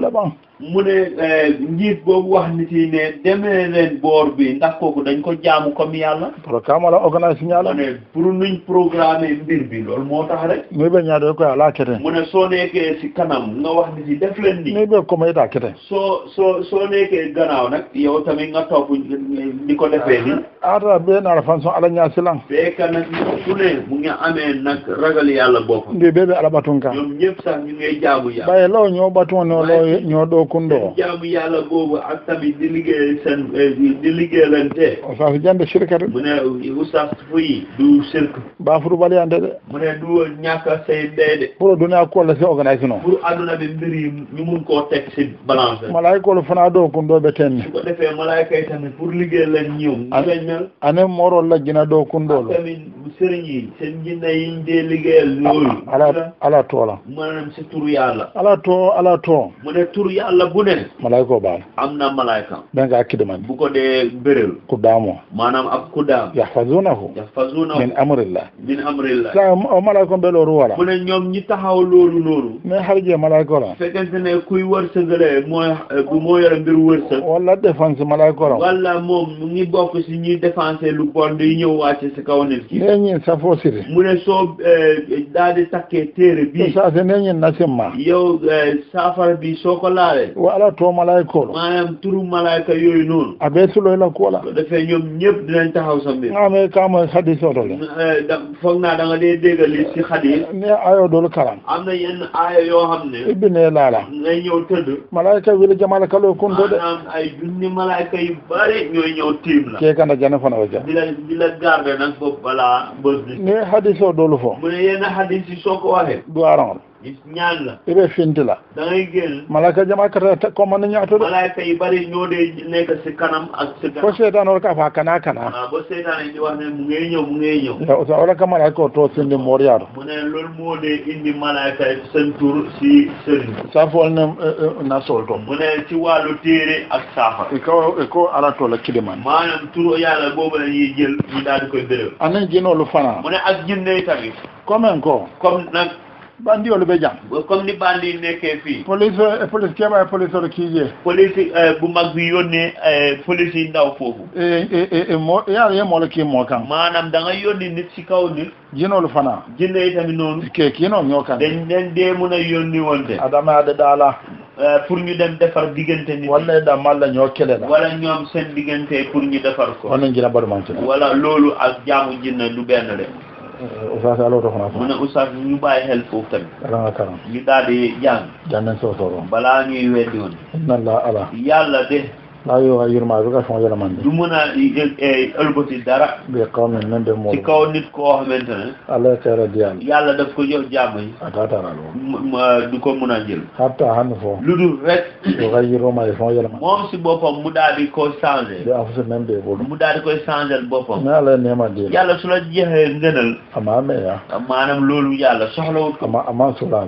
la fu mu ne eh, njiit boobu wax nit yi ne demee leen boor bi ndax kooku dañ ko jam comme yàlla. programme wala organisation yàlla. mu ne pour nuñ programmer mbir bi loolu moo tax rek. muy ba ñaareel ko kete. mu ne soo nekkee si kanam nga wax nit yi def leen nii. muy ba comme daa kete. soo soo soo nekkee gannaaw nag yow tamit nga topp ni ko defee nii. aata ah, ah, ah, bee naa la fan son ala ñaasi ndi bee bee alabatun kan. ñoom ñëpp sax ñu ngi jaamu yàlla. bàyyi dokundu. jaamu yàlla boobu ak tamit di liggéey sen di liggéeyalante. oustaz Diagne shirka de. mu ne oustaz Fuy du shirka. baafuru baliyante de. mu du ñàkk say dee de. pour dunia ko la si organisé non. pour aduna bi mbir yi ñu mun koo teg si balance. malaay koolu fana dookundoo be ten ne. su ko defee malaay kay tamit pour liggéey la ñëw. ñu lañ mel. ane morol la gina dookundoolu. ak tamit sëriñ yi seen jinne yi ñu dee liggéeyal ala ala too la. maanaam si turu ala too ala too. mu ne turu yàlla bu ne. malaayikoo baal. am na malaayika. dégg nga ak kidaman. bu ko dee bérél. kuddaamoo. maanaam ak min amrillah. min o malaayikoo bee loolu wala. mu ne ñoom ñi taxaw loolu loolu. mais xarijee malaayikoo la. fekkente ne kuy wërsëgale mooy eh, bu moo la. wala moom mu ngi bokk si ñuy lu bon di ñëw wàcc si ka nit ki. nee ñi sa foo siri. mu ne soo eh, daal di takkee téere bii. saa si nee ñi na eh, bi soo ko laale lay wa ala to malayka lo maanaam turu yooyu noonu a be suloyla kuola ko defee ñoom ñëpp dinañ taxaw sa mbir nga ame ka eh, doolu karam am na yenn aaya yoo xam ne malayka wila jamala kaloo kunto de maanaam ay junni fana o ja di la di doolu fo mu gis ñaan la ire finti la da ngay génn malaka jamakata komman na ñaatude malayka yi bari ñoo dee nekk ci kanam ak ci ganaaw ko seytaan wala ka faa kana kana bo seytaan di wax ne mu ngay ñëw mu ngay ñëw sa wala ka malayka o sindi moor sa fool ne eh, eh, na sol to mu ne ci wàllu téere ak saafa ko ko ala to la kiliman maanaam bandiolu ɓe jam comme ni bandi nekke fii police eh, police keɓa e police oɗo kiije police eh, bu maggi yonni eh, police ndaw foofu e mo yaara yemoolo kimmo kan manam danga yonni nit si kaw nit jinolu fana jinne itami noonu keekino ñoo kan dañ nen deemuna yonni wonde adamaade ɗaala pour ñu dem defar diggante nit walla da malla ñoo kele la wala ñoom seen diggante pour ñu defar ko onon jina baɗumanke wala loolu ak jaamu jinna du benn de Euh, Oustaz Allo Dofana. mu ne Oustaz ñu bàyyi xel foofu tamit. ala nga ñu daal di jàng. soo soobam. balaa ñuy weddi woon. inna allah ala. yàlla laa yoo xam yërmaa bi nga xam yërmande. du mën a ëlbati dara. bi xaw ma nan de moo. ci kaw nit koo xamante ne. allah yàlla daf ko jox jàmm yi. ah daa du ko mën a jël. hatta xam foo. lu eh, dul rek. si boppam mu daal di ko changé. di affaire même de bolo. mu daal di koy changé boppam. mais allah nee ma di. yàlla su la jeexee ngënal. amaa mais ah. loolu yàlla soxlawut ko. ama amaa suulaa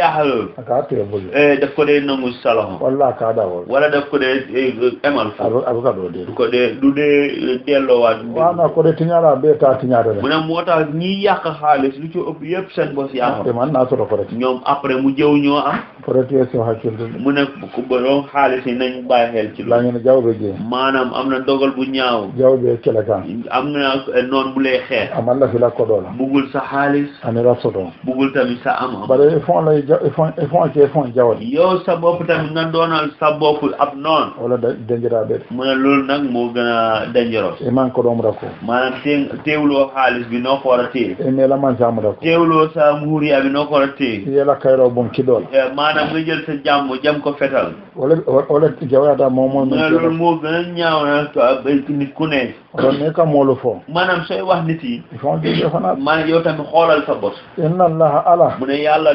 la. emal. Eh, daf ko dee nangu salon. wala kaa dawal. wala daf ko dee eh, emal. a bɛ ka dɔn de. du ko dee eh, ko de tiñaara bee taa tiñaata mu ne moo tax ñiy yàq xaalis lu ci ëpp yëpp seen bos yaa xam. man naa sɔrɔ ko rek. ñoom après mu jëw ñoo am. peut-être soo xamante ne. mu ne ku borom xaalis yi nañ bàyyi xel ci. laa ngeen jaww bee jiyee. maanaam am na dogal bu ñaaw. ja bee kele kan. am na noonu bu lay xeex. amal la fi la kodoo la. bugul sa a ani la sotoo. bugul tamit sa am. bari fond lay fon e fon te fon jawal yow sa bopp tamit nga doonal sa bopp ab noon wala dangeraaɓeɗe mu ne loolu nag moo gën a dangereux e man ko ɗom rako maanaam te teewloo xaalis bi noo ko war a téye e mais la man samu rako teewloo sa muuriya bi noo ko war a téye yela kayroo bon kiɗool e maanaam nga jël sa jam ko fetal wala wala jawoyata moom moom mu ne loolu moo gën a ñaaw nag ah, nit ku ka moolu fo maanaam sooy wax nit yi il faut que fanaat maanaam yow tamit xoolal sa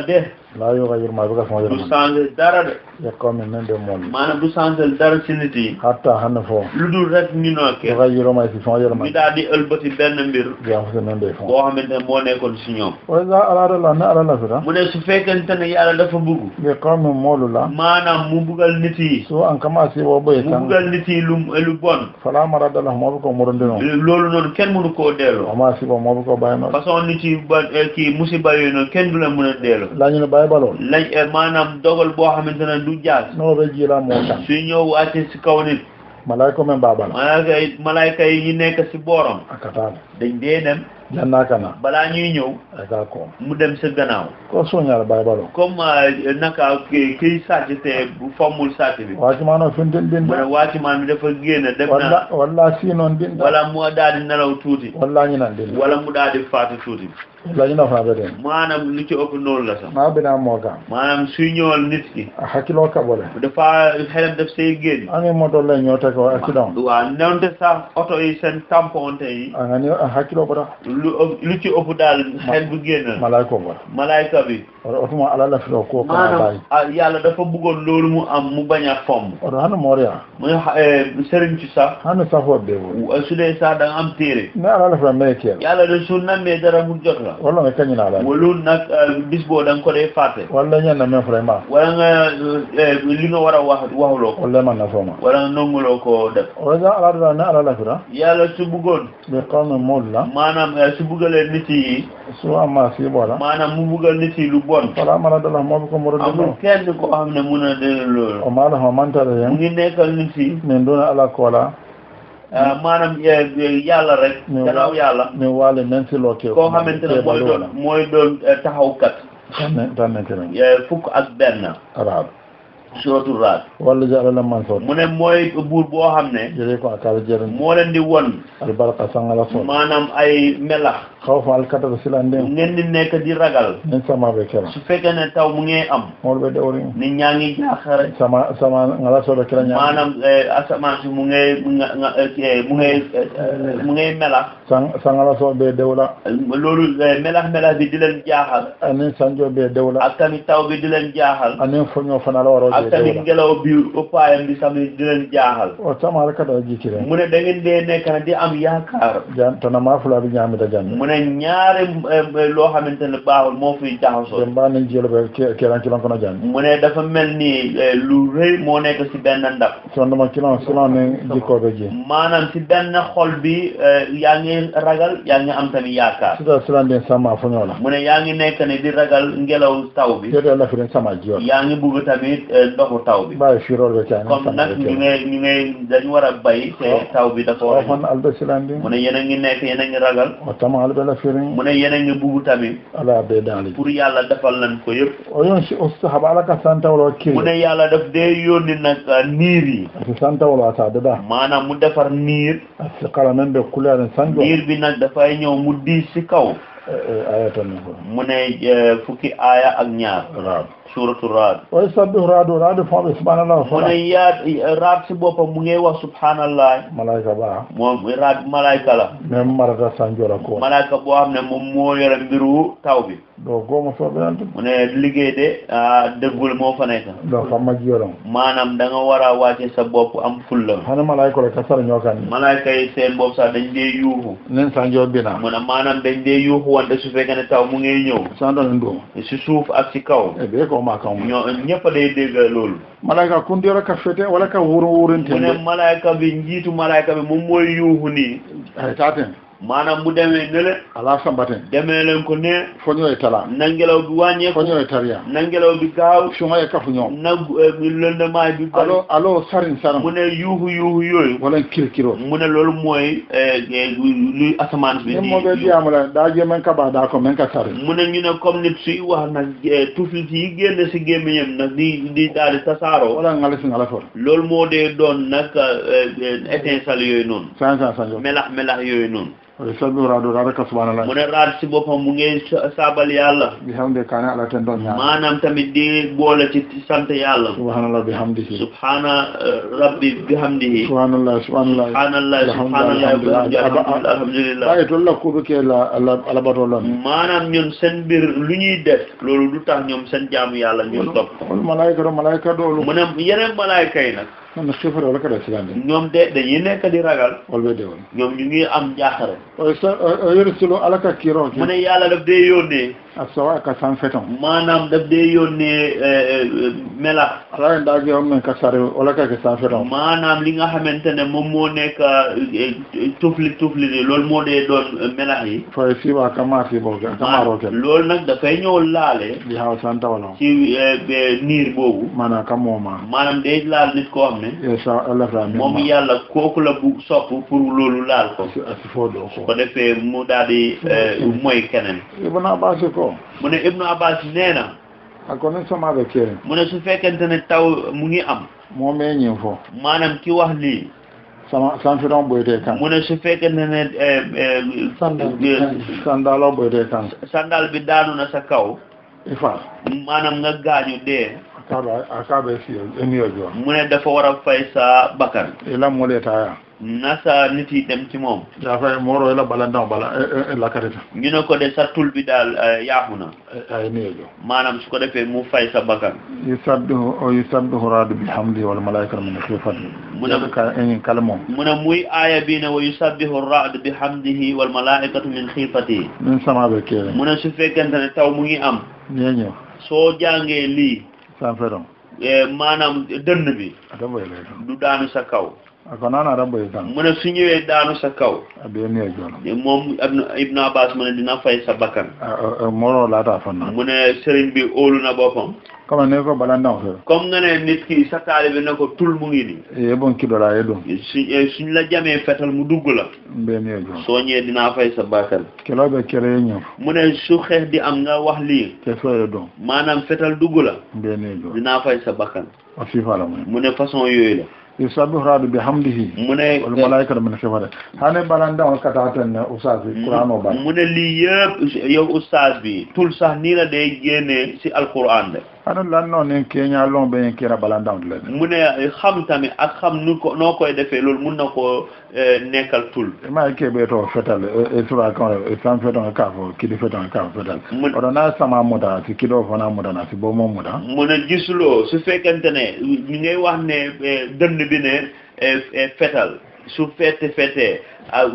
de laa yughayyiru maa bi qawmin du changer dara de. bi qawmin nañ dem moom. maanaam du changer dara ci nit yi. hatta hanafo. lu dul rek ñu noo kii. yughayyiru maa si sama yërmande. ñu daal di ëlbati benn mbir. bi anfusihim nañ def. boo xamante ne moo nekkoon ci ñoom. wa idha arada Allahu an yu'lika. mu ne su fekkente ne yàlla dafa bëgg. bi qawmin moolu la. maanaam mu bugal nit yi. su an kama asiiba baytan. mu bugal nit yi lu lu bon. fala marada lahu moo bi ko murundinoo. loolu noonu kenn mënu koo delloo. wa ma asiiba moo bi ko bàyyi noonu. façon nit yi ba eh, kii musiba yooyu noonu kenn du la mën a delloo. lay baloon. lañ eh, maanaam dogal boo xamante ne du jaas. n'o bɛ ji la moo tax. su ñëw waati si kaw nit. malayka men baa bala. malayka yi malayka yi ñu nekk si booram. a ka taa la. dañ dee dem. janna kana. balaa ñuy ñëw. ay ka ko. mu dem sa gannaaw. ko soo ñaare bàyyi ba comme eh, naka kii sàcc te famul sàcc bi. waati maanaam fi mu dem dindi. waati maanaam dafa génn def na. walla walla si noonu mu daal nelaw tuuti. walla ñu naan dindi. walla mu daal di faatu tuuti. lañu na faa beden maanaam lu ci ëpp noonu la sax maa binaa mookaan maanaam suy ñëwal nit ki hakkiloo ah, kabole dafa xelam daf say génn a ngi moto la ñoo teg ko accident waaw newonte sax oto yi seen tamponte yi ah, ah, a nga ni hakkiloo bata lu lu ci ëpp daal xel bu génn malayka bata malayka bi oto ma ala la filoo koo maanaam yàlla dafa bëggoon loolu mu am mu bañ a fomm oto xana mooriya mu eh, sëriñ ci sax xana sax wa bee su dee sax da nga am téere ne ala la fila mee keel yàlla da su namee dara mu jot la wala nga kañ laa la. wala nag euh, bis boo da nga ko dee fàtte. wala ñenn na fure ma. wala nga euh, li nga war a wax waxuloo ko. wala man na foo ma. wala nongoloo ko def. wala ala ne ala lafira. yàlla su bëggoon. bi xaw ma mool la. maanaam euh, su bëggalee nit yi. su ma si boo la. maanaam mu bëggal nit yi lu bon. voilà la moom ko mën a. amul kenn koo xam ne mun na delloo loolu. o maa la xam ne man ta la yéen. mu ngi nekkal nit Euh, maanaam euh, euh, yàlla rek. gannaaw yàlla mais waale même si loo koo xamante ne mooy doon mooy doon taxawkat. tànn tànn fukk ak benn. arabe. suratul raad walla jaara la mansoor mu ne mooy buur boo xam ko akaala jërën di won sangala fool maanaam ay melax Kau fa alkatara sila ndem ngeen di nekk di ragal nen sama be kera su fekkee taw mu am moolu be dawri ni ñaa ngi jaaxare sama sama ngala soobe kera ñaa maanaam eh, asamaan si mu ngee mu eh, eh, ngee mu melax sang sangala so be dewla loolu melax melax bi di leen jaaxal anin sanjo be dewla ak tamit taw bi di leen jaaxal anin foñoo fana la waroo ak tamit ngelaw bi uppaayam bi sami di leen jaaxal o oh, tamara kada jikire mu ne da ngeen dee nekk na di am yaakaar jan tona maafulaaɓe a jande mu ne ñaare eh, loo xamante ne baaxul moo fi jaxasoo dem mbaa nañ jiyelo ɓe keran kilon kono jande mu ne dafa mel ni eh, lu rëy moo nekk si benn ndab sonduma kilon silon ne jikkooɓe ji maanaam si benn xol bi eh, yaa ngi ragal yaa ngi am tamit yaakaar sita silandin sama fu ñoo la mu ne yaa ngi nekk ne di ragal ngelaw taw bi teeto lafiri sama jiyo ndoxu taw bi. bàyyi si rôle la comme nag ñu ngi ñu ngi dañu war a bay te oh. taw bi dafa war a. waaw waaw mu ne yéen a ngi nekk yéen a ngi ragal. waaw oh, tamit alba la mu ne yéen ngi buubu tamit. ala bee daal yàlla defal nañ ko yëpp. o oh, yoon si sahaba ala ka san tawlo kii. mu ne yàlla daf dee yónni nag ah, niir yi. si san tawlo ata dada. maanaam mu defar niir. si kala même de couleur sanjo. niir bi nag dafay ñëw mu di si kaw. Eh, eh, aya mu ne eh, fukki aya ak ñaar. suuratu raad. waaye sabbihu raad raad o subhaanallah. mu ne raad si boppam mu ngi wax subhaanallah. malaayika ba. moom raad malaayika la. même Marata Sanjora ko. malaayika boo xam ne moom moo yore mbiru taw bi. donc góob ma soog a mu ne liggéey de ah, dëggul moo fa nekk. donc xam ma jiyoram. maanaam da nga war a wàcce sa bopp am ful la. xanaa malaayika la kasar ñoo kan. malaayika yi seen bopp sax dañ dee yuuxu. nen Sanjor bi na. mu ne maanaam dañ dee yuuxu wante su taw mu ngi ñëw. sant nañ doon. si suuf ak si kaw. Eh, ma kan ñoo ñëpp day dégg loolu malayka kundi wala ka fete wala ka malayka bi njiitu malayka bi moom mooy yuuhu nii maanaam bu demee ne le. ala sambatin. demee leen ko ne. foñooy talaa. na ngelaw bi wàññeeku. foñooy tariya. na ngelaw bi gaaw. su ma kafu ñoom. na eh, lëndamaay bi. allo alo sarin sarin. mu ne yuuxu yuuxu yooyu. wala kirikiroo. mu ne loolu mooy. Eh, eh, luy asamaan bi. ni moo bee diyaamu la daa a kabaa daa ko mën ka sarin. mu ne ñu ne comme nit suy wax nag tuflit yi génn si gémmiñam nag di di daal di tasaaroo. wala ngala si ngala for. loolu moo dee doon nag étincelle yooyu noonu. san san san yooyu. melax yooyu noonu. sabbi raadu raadu ka subhanallah mu ne raad si boppam mu ngi saabal yàlla bihamdi kaane ala ten doon ñaar maanaam tamit di boole ci sant yàlla subhanallah bihamdihi subhana eh, rabbi bihamdihi subhanallah subhanallah subhanallah subhanallah alhamdulillah ay to la ko be ke la ala bato lon maanaam ñun seen mbir lu ñuy def loolu du tax ñoom seen jaamu yàlla ñun topp malaayika do malaayika do mu ne yeneen malaayika yi nag non sifaro la kala silande ñoom de dañuy nekk di ragal wal be deewal ñoom ñu ngi am jaaxare o yursilu alaka kiron mu ne daf dee yónnee assawa ka san feton maanaam daf dee yónnee eh, eh, melax ala ndaa gi om nañ ka maanaam li nga xamante ne moom moo nekk eh, tufli tufli ni loolu moo dee doon melax yi fay e siiba kama siiboo ke kamaaroo loolu nag dafay ñëw laale di haaw santawalon ci niir boobu maanaam ka maanaam day laal nit koo xam ne moom yàlla kooku la bu sopp pour loolu laal ko si foo doo ko ko defee mu daal mooy keneen ibn abbas ko ko mu ne ibnu abbas nee na a ko ne sama bɛ kɛ mu ne su fekkente ne taw mu ngi am moom bee ɲin fɔ maanaam ki wax lii sama sanfirɔn boyite kan mu ne su fekkente ne eh, eh, sandalo eh, boyite kan sandal bi daanu na sa kaw i fa maanaam nga gaañu dee a k'a bɛ a e ni yɛ mu ne dafa war a sa bakkan i la mɔlɛ taa nasa nit yi dem ci moom. yaakaar Moro la bala ndaw bala eh, eh, eh, lakarita. ñu ne ko de sa tul bi daal yaaxu na. ay néew. maanaam su ko defee mu fay sa bakkan. yu sàbbi yu sàbbi raadu bi alhamdulilah wala malaayika mu ne xiifat. mu ne kàlla moom. mu ne muy aaya bi ne wa yu sàbbi raadu bi alhamdulilah wala malaayika min xiifat yi. ñun sama bi kii mu ne su fekkente ne taw mu ngi am. ñoo ñëw. soo jàngee lii. sans maanaam dënn bi. du daanu sa kaw. a ko naan arab bay tànk mu ne su ñëwee daanu sa kaw a bee nuye joona moom Ibn Abbas mu ne dina fay sa bakkan moro laataa fan na mu ne sëriñ bi óolu na boppam comme ne ko bala ndaw fe comme nga ne nit ki sa taalibe ne ko tul mu ngi nii e bon kidola ye dum suñ eh, suñ la jamee fetal mu dugg la mbe nuye joona soo ñëwee dinaa fay sa bakkan keloo be kere ñëw mu ne su xeex di am nga wax lii te feere doom maanaam fetal dugg la mbe nuye joona dinaa fay sa bakkan a fiifa la يسبح رب بحمده والملائكة من خبره هاني بلان دا وكتا استاذ القران وبا من لي يب يو استاذ بي طول صح ني لا داي جيني سي القران ده aɗon lanno nen keña lon ɓe en kira balandamdule mune eh, xam tami ak xam nu ko no koye defe lol munna ko eh, nekkal tul ma e keɓe to fetal e sura kan san feton kafo kiɗi feton kafo fetal oɗo na sama muta si kiɗo fona na si bo mo muta mune gisulo su fekkentene mi ngay wax ne dënn bi ne fetal su fete fette ah,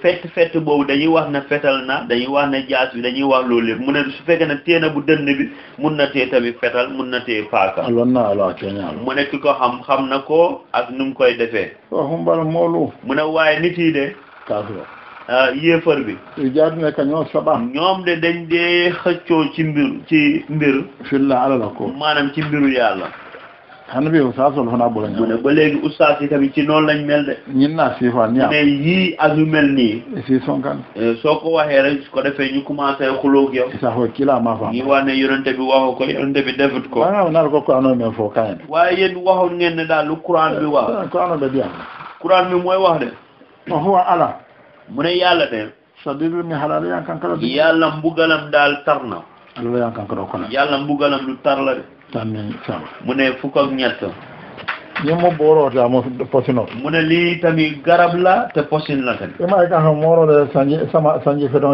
fett fett boobu dañuy wax na fetal na dañuy wax ne jaas bi dañuy wax loolu mu ne su fekkee ne téena bu dënn bi mun na tee tamit fetal mun na tee paaka mu ne ki ko xam xam na ko ak nu mu koy defee waxumbal moolu mu ne waaye nit yi de ah, yéefar bi jaat nekk ñoo saba ñoom de dañ dee xëccoo ci mbir ci mbir filla alala ko maanaam ci mbiru yàlla hande ɓe usasol hona ɓuura gune ba léegi ustasi kabi ci noonu lañ mel de ñin naa siifaan ñaa mais yii asu mel nii si euh, soo ko waxee rek su ko defee ñu commencé xuloog yow sa hokkila ma fa ñi wax ne yonente bi waxo ko yonente bi defut ko waaw nata ko kuraan o men fof kayen waaye yéen waxoon ngeen ne daal lu kuraan bi wax kuraan o ɓe mbiya bi mooy wax de o huwa ala mu ne yàlla de sadidul mi halaala yan kankala yàlla mbugalam daal tar na alala yan kankala kono yàlla mbugalam lu tar la de sanni mu ne fukk ak ñett. ni mu booroo ta mo posino mu ne lii tamit garab la te posin la tamit. i ma ka xam mooro de sanji sama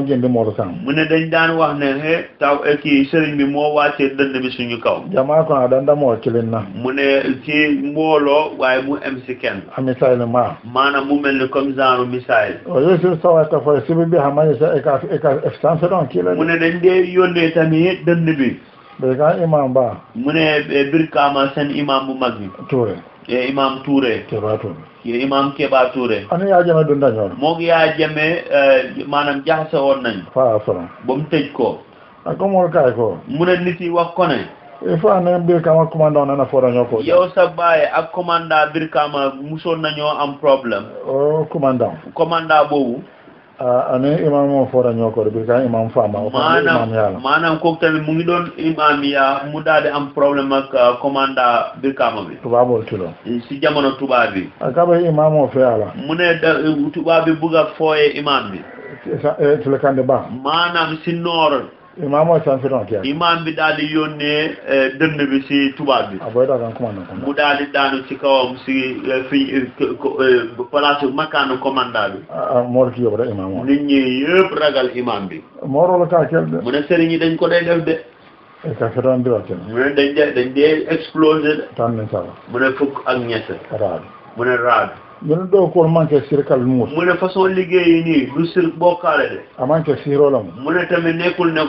jëndi mooro mu ne dañ daan wax ne he taw kii sëriñ bi moo wàccee dënd bi suñu kaw jamaa ko a danda moo kilin na mu ne ci mbooloo waaye mu am si kenn a misaal ma maanaam mu mel ni comme genre misaal o yo si sawata foy si bi bi xamañi sa eka eka f cent fedon mu ne dañ dee yónnee tamit dënd bi Birkan imam ba. mu ne eh, Birkama seen imam bu mag bi. Toure. Eh, imam Toure. Keba Toure. imam Keba Toure. ani yaa jëmee dunda ñor. moom yaa jëmee eh, maanaam jaxase woon nañ. faa sɔrɔ. ba mu tëj ko. a Kaye ko. mu ne nit yi wax ko ne. il faut ne Birkama commandant sa baay ak commandant Birkama muso nañoo am problème. oh commandant. commandant boobu. Ah, ani imam o fora ñokode bi kan imam fama maanaam maanaam kooku tamit mu ngi doon imam ya mu daal di am problème ak ah, commanda bir kama bi tubaabol tilo si jamono tubaab bi ah, kaɓe imam o feyala mu ne tubaab bi bugg a fooye imam bi eh, tilekande ba maanaam si noor imaam mooy san firiŋ kii imaam bi daal di yónnee eh, dënd bi si tubaab bi. ah booy daal mu daal di daanu si kawam si eh, fi eh, place makkaanu commandant bi. ah, ah Mor kii yóbbu rek imaam nit ragal imaam bi. Morou kaa kel de. mu ne sëriñ yi dañ ko day def de. et que de. tànn ne fukk ak ñett. raadu mu ne raadu. yono ɗo kono manque sirkal mum mune façon liggéeyi ni du sir bokkaale de a manque sirola mum mune tamit nekkul ne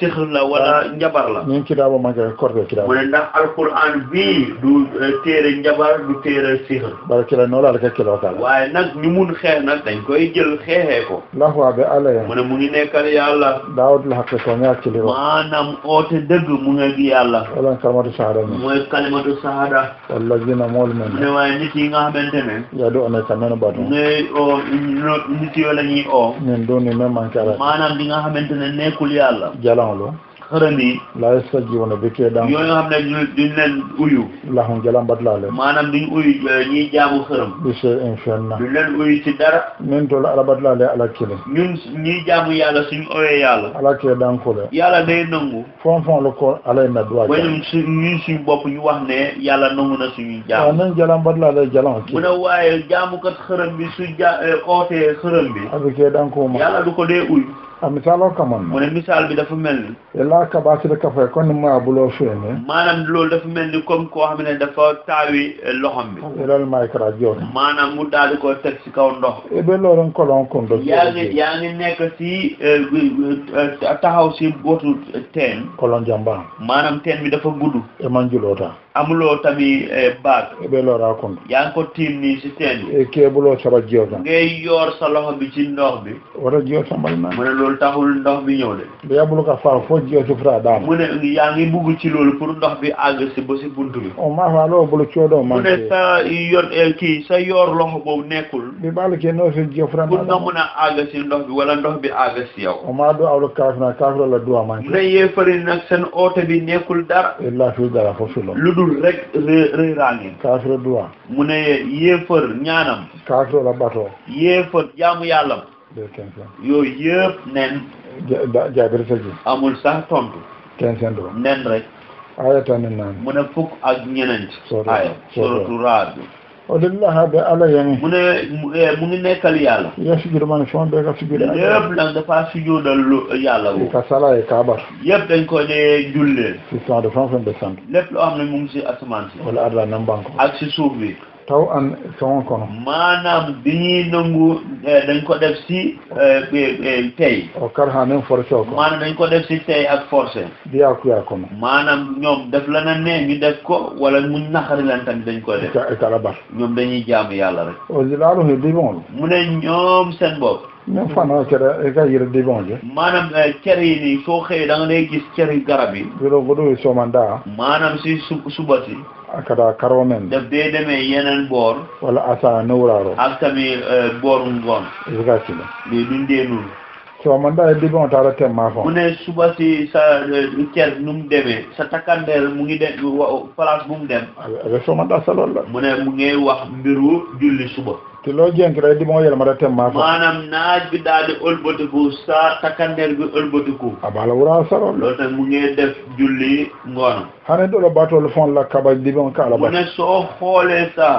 sihr la wala njabar la ñin kitaaba manque corde kitaaba mune ndax alquran bii du téere njabar du téere sihr bara kila noola alka kilo kaala waaye nag ñu mun xeex nag dañ koy jël xeexee ko laxwaa be ala ya mune mu ngi nekkal yàlla daawud la xaqe ko ñaa kiliro maanaam oote dëgg mu ngi yàlla wala kalimatu sahada mooy kalimatu sahada wala jina mool men mune waaye nit yi nga xamante ne kadi one kameno bato ne o nitiyo lañi o nen ɗo ni men manque ala manam ɗi nga xamante ne nekkul yàlla jalanlo xërëndi la yastajibuna bika yadam ñoo xam ne duñ leen uyu lahum jalambat la leen maanaam duñ uyu ñi jaamu xërëm bi sey infen na duñ leen uyu ci dara min tol alabat la leen ala kile ñun ñi jaamu yàlla suñ oyee yàlla ala kile dan ko le yàlla day nangu fon fon lu ko alay na duwa ba ñun su ñun suñ bopp ñu wax ne yàlla nangu na suñu jaam waaw nañ jalambat la leen jalam ki mu ne waaye jaamukat xërëm bi su ja ootee xërëm bi abike dan ko ma yàlla du ko dee uyu a ah, misaaloo kamoon na mu ne misaal bi dafa mel ni yàllaa kabaasi da kafe kon ni maa buloo feene maanaam loolu dafa mel ni comme koo xam ne dafa taawi eh, loxom bi yelal maykara jooni maanaam mu daal ko teg ci kaw ndox ebe eh, loolu kolon kondo yaa ngi yaa ngi nekk ci eh, taxaw ci bootu teen kolon jàmbaam maanaam teen bi dafa gudd e man juloota amuloo tami eh, baag. e eh, bɛ lɔra kɔnɔ. yaa ngi ko tiim nii si teen bi. Eh, kii buloo saba jiyoo kan. ngay yoor sa loxo bi ci ndox bi. wala jiyoo sambal naa. mu ne loolu taxul ndox bi ñëw de. mais yaa bolo ka faa fo jiyoo su fura daa ma. mu yaa ngi bugg ci loolu pour ndox bi àgg si ba si buntu bi. o oh, maa faa loo bolo coono man. mu sa yoor loxo boobu nekkul. bi baal kii n'o se jiyoo fura. pour nga mun a àgg si ndox bi wala ndox bi àgg si yow. o oh, maa dɔn aw la kaafina kaafina la du a seen oote bi nekkul dara. e lafiw mënul rek réeraange kaafira duwa mu ne yéefar ñaanam kaafira la batoo yéefar jaamu yàllam yooyu yëpp nen jaabir sa ji amul sax tontu kenn nen rek ayata nen naan mu ne fukk ak ñenent aya sorotu rad walillahi be ala yani mu ne eh, mu ngi nekkal yàlla ya sujud man fon be ka sujud yëpp nag dafa sujudal yàlla bu ka sala e kabar yëpp dañ ko ne jullee six de francs de sant lépp loo xam ne mu ngi ci asamaan si wala arla nam banko ak ci suuf bi taw an soŋon kono maanaam bi ñuy nangu eh, dañ ko def si eh, tey o kar hanen forcé o ko maanaam dañ ko def si tey ak forcé biyaa kuyaa kono maanaam ñoom def la na ne ñu def ko wala mu naqari lan tamit dañ ko def kala bar ñoom dañuy jaamu yàlla rek o zilaalu he diboŋolu mu ne ñoom seen bopp même fana cere ka yëre dibon maanaam eh, cere yi nii soo xëyee da nga lay gis cere garab yi bureau bu dul soomanda maanaam si su suba si kada karo men da be deme yenen bor wala asa nawraro altami e, bor ngon izgasila be dunde nun so man da de bon tara tem ma ko mune suba si sa e, ker num deme sa takandel mu ngi de place bu mu dem ala so man da la mune mu ngi wax mbiru julli suba te loo jénkira di moo yel ma da temmaa ko maanaam naaj bi daal di ëlbatiku saa takkandeer bi ëlbatiku abala ah, wura sarol loolu nag mu ngi def julli ngoonam hane dolo baatol fon la kabaj di bon ka ala ba mu soo xoolee sa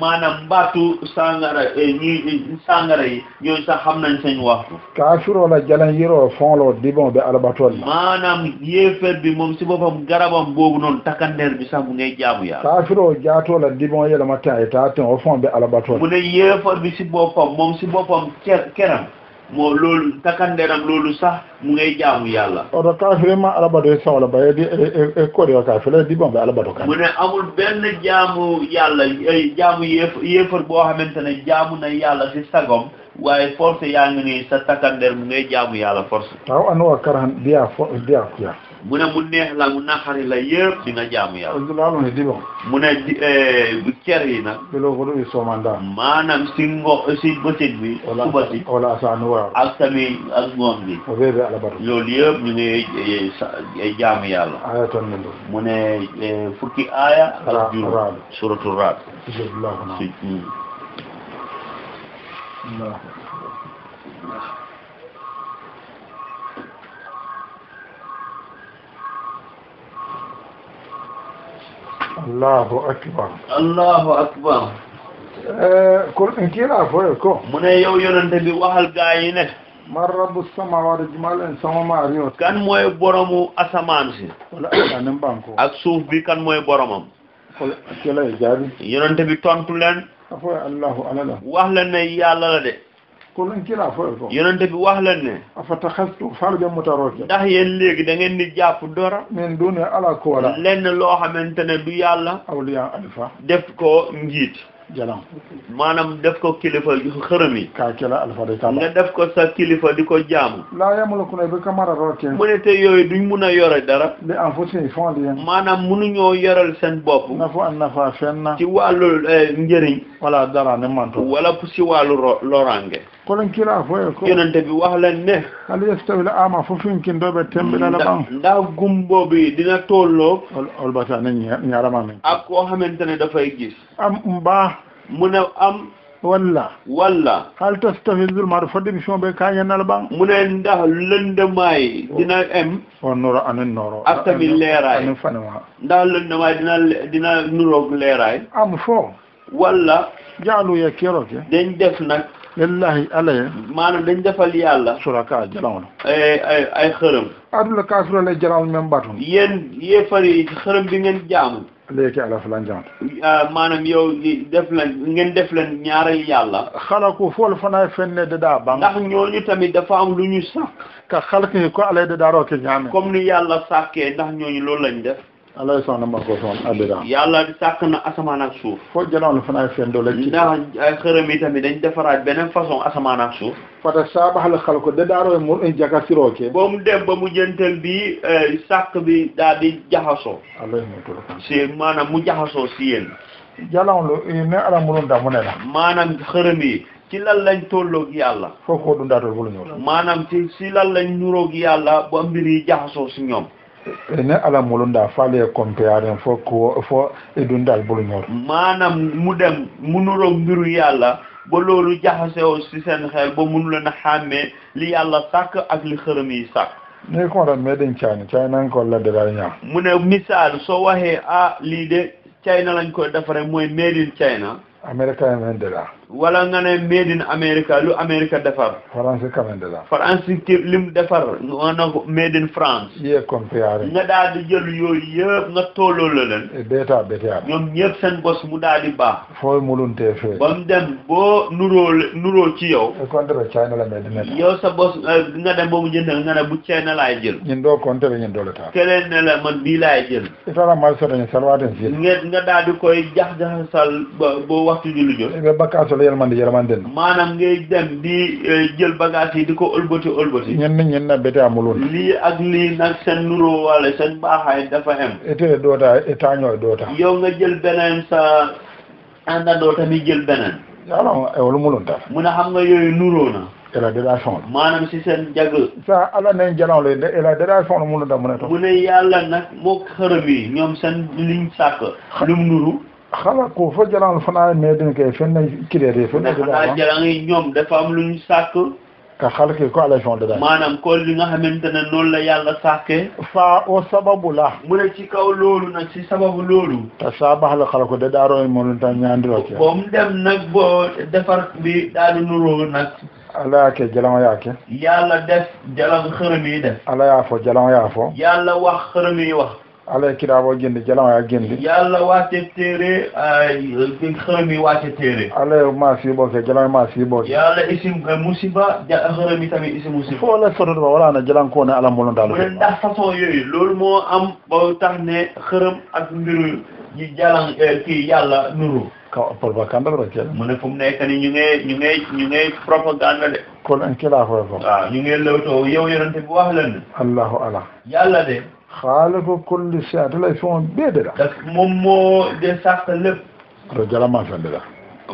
maanaam mbaatu sangara e ñi e sangara yi yooyu sax xam nañ seen waxtu kaafiroo la jalan yiroo fonloo dibon be alabatol la maanaam yéefeer bi moom si boppam garabam boobu noonu takkandeer bi sax mu ngay jaamu yaa kaafiroo jaatoo la dibon yelama e ten e taa ten o fon be alabatol mu ne yéefeer bi si boppam moom si boppam cer keram moo loolu takandeeram loolu sax mu ngay jaamu yàlla oto kaafire ma alabato sawla baye di e, e, e korewa kaafire di bombe alabato ka mu ne amul benn jaamu yàlla e, jaamu yéef yéefar boo xamante ne jaamu na yàlla si sagom waaye force yaa ngi nii sa takandeer mu ngay jaamu yàlla force waaw an wa karahan diya kuya mu ne mu neex la mu naqari la yëpp dina jaamu yàlla. di bon. mu ne di eh, yi nag. loolu ko doon soomanda. maanaam si ngo si bëccëg bi. suba si wala asaani waaw. ak tamit ak ngoom bi. o bee bee alabatu. loolu yëpp eh, eh, fukki aya. ak juróom raadu suratul raad. allahu akbar allahu akbar eh, ko yow yonente waxal gaa man rabbu samawati jimal en samamari o kan mooy boromu asamaan si ah, ak suuf bi kan mooy boromam kela e jaabi yonente bi tontu leen afoyo wax leen ne yàlla de qul in kilaafooyo yonente bi wax la ne afataxastu farjan mutarokia ndax yéen léegi da ngeen di jàpp dora min dune ala koola lenn loo xamante ne du yàlla awliya alfa def ko njiit jalan maanaam def ko kilifa xërëm yi kaa kila alfa day tàlla nga def ko sa kilifa di ko jaamu laa yamulaku na bi kamara rokin mu ne te yooyu duñ mun a yore dara li anfusihim fondien maanaam munuñoo yoral seen bopp nafu an nafa fenn ci wàllu eh, njëriñ wala dara ne mantu wala si wàllu lorange folen kila foye ko yonente bi wax la ne hal yastawi la ama fo finkin doɓe tembinala ɓan nda gumboɓe dina tollo olbata ne ñarama men ak ko xamantene dafay gis am mba mu ne am walla walla hal tastawi zulma ɗo foddimission ɓe kañennala ɓan mu ne nda lendemayi dina em o noro anen noro ak tami leeray anen fanema nda lendemayi dina dina nuroog leeray am fo walla jaalu ye keroke dañ def nag lillahi alaye maanaam dañ defal yàlla suraka jalaw la ay ay xërëm adula kaafiro la jalaw men batun yéen yéefari xërëm bi ngeen jaamu léegi ala falan jaam maanaam yow def leen ngeen def leen ñaareel yàlla xalaku fool fanaay fenne dadaa bang ndax ñooñu tamit dafa am lu ñu sàkk ka xalki ko alay dadaa roke ñaame comme ni yàlla sàkkee ndax ñooñu loolu lañ def alay soxna ma ko soxna addira yàlla di sàkk na asamaan ak suuf foo jëloon fanaay fen doo la ci ndax xërëm yi tamit dañ defaraat beneen façon asamaan ak suuf fata saabaxal xal ko da daarooy mur in jaka sirooke ba mu dem ba mu jëntal bi e, sàkk bi daal di jaxasoo alay ma tolo si maanaam mu jaxasoo si yéen jalawlu eh, ne ala mulun da mu ne la maanaam xërëm yi ci lan lañ tolloog yàlla foo koo dundaatol bulu ñëw maanaam ci si lan lañ nuroog yàlla ba mbir yi jaxasoo si ñoom ene daa mulunda fale compare fo ko fo e dundal bulu ñor maanaam mu dem munuroo mbiru yàlla ba loolu sewo si seen xel ba munu leen xàmmee li yàlla sàkk ak li xërëm yi sàkk ne ko tan mais den caani caani nan ko la de dal mu ne misaal soo waxee ah lii de China lañ koy defaree mooy made in China américain men de wala nga ne made in America lu America defar. France Canada. France lim defar nga ne ko made in France. yéen compare. nga daal di jël yooyu yëpp nga tolloo la leen. beta beta. ñoom ñëpp seen bos mu daal di baax. foo mulunte fee. ba mu dem boo nuroo nuroo ci yow. contre China la made in. yow sa bos euh, nga dem ba mu jënd nga ne bu China laay jël. ñun doo compter ba ñun doo la taa. keneen ne la man bii laay jël. itala maa ngi sotti ñu salwaati wala yelmande yelmanden maanaam ngay dem di eh, jël bagage yi di ko ëlbati ëlbati ñenn ñenn na bete amulun lii ak lii nag seen nuroo wala seen baaxaay dafa em ete doota etañooy doota yow nga jël beneen sa àndandoo tamit jël beneen yaalon ewolu mulun ta mun a xam nga yooyu nuroo na ela délation la maanaam si seen jag sa ta mu ne to mu ne yàlla nag moo xërëm yi ñoom seen liñ sàkk lum nuru xala ko fa jalan fana me den ke fen kirere fen da na ngay ñom dafa am luñu sakk ka xalki ko ala jonde da manam ko li nga xamantene non la yalla sakke fa o sababu la mu ne ci kaw lolu nak ci sababu lolu ta sabah la xalako da daro mo lu tan ñandi ro ci bom dem nak bo defar bi dalu nuro nak ala yake jalan ke yalla def jalan xërem def ala ya fo jalan ya fo yalla wax xërem wax ala kirawo gindi jalama gindi yalla wate tere ay xërëmi wate tere ala ma fi bo ke jalama ma fi bo yalla isim musiba ja xërëmi tammi isim musiba fo la foddo ba wala na jalan ko ne ala mo dalu da façon yoyu lolu mo am bo tax ne xërëm ak mbiru yi jalan ki yalla nuru ka porba kandal ba kel mu ne fu mu nekk ni ñu ngay ñu ngay ñu ngay propagande de kon en kila ko ko ñu ngay lewto yow yonente bu wax lan allahu ala yalla de xaale ko kulli si ate lay fon béede la dak moom moo de sàq lépp to jalamaa fende la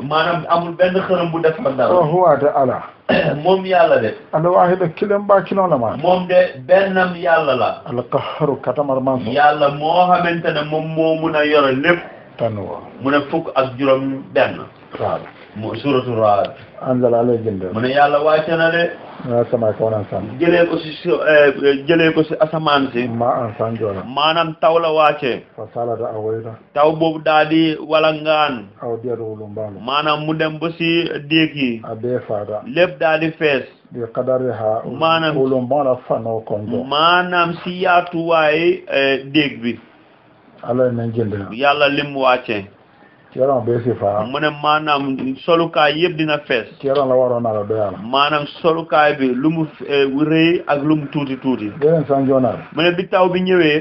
maanaam amul benn xërëm bu def man dara o huwaate ala <clears throat> moom yàlla de ala waahida kilim ba kilon la maa moom de bennam yàlla la ala qaharu katamar man so yàlla moo xamante ne moom moo mun a yore lépp tànn woo mu ne fukk ak juróom benn waaw mu suratu raad. anzala alayhi jëndee. mu ne yàlla wàcce na de. maa sama kaw na san. Eh, jëlee ko si asamaan si. maa san joola. maanaam taw la wàcce. fasala da taw boobu daal di walangaan. aw diya dugubu mbaalu. maanaam mu dem ba si déeg yi. a bee faada. lépp daal di fees. di kadari ha. maanaam wulu mbaalu fanoo konto. maanaam si yaatuwaay eh, déeg bi. ala na jëndee. yàlla lim wàcce. yaram bee si faa. mu ne maanaam solukaay yëpp dina fees. ci yaram la waroon naa la maanaam solukaay bi lu mu eh, rëy ak lu mu tuuti tuuti. beneen san mu ne bi taw bi ñëwee.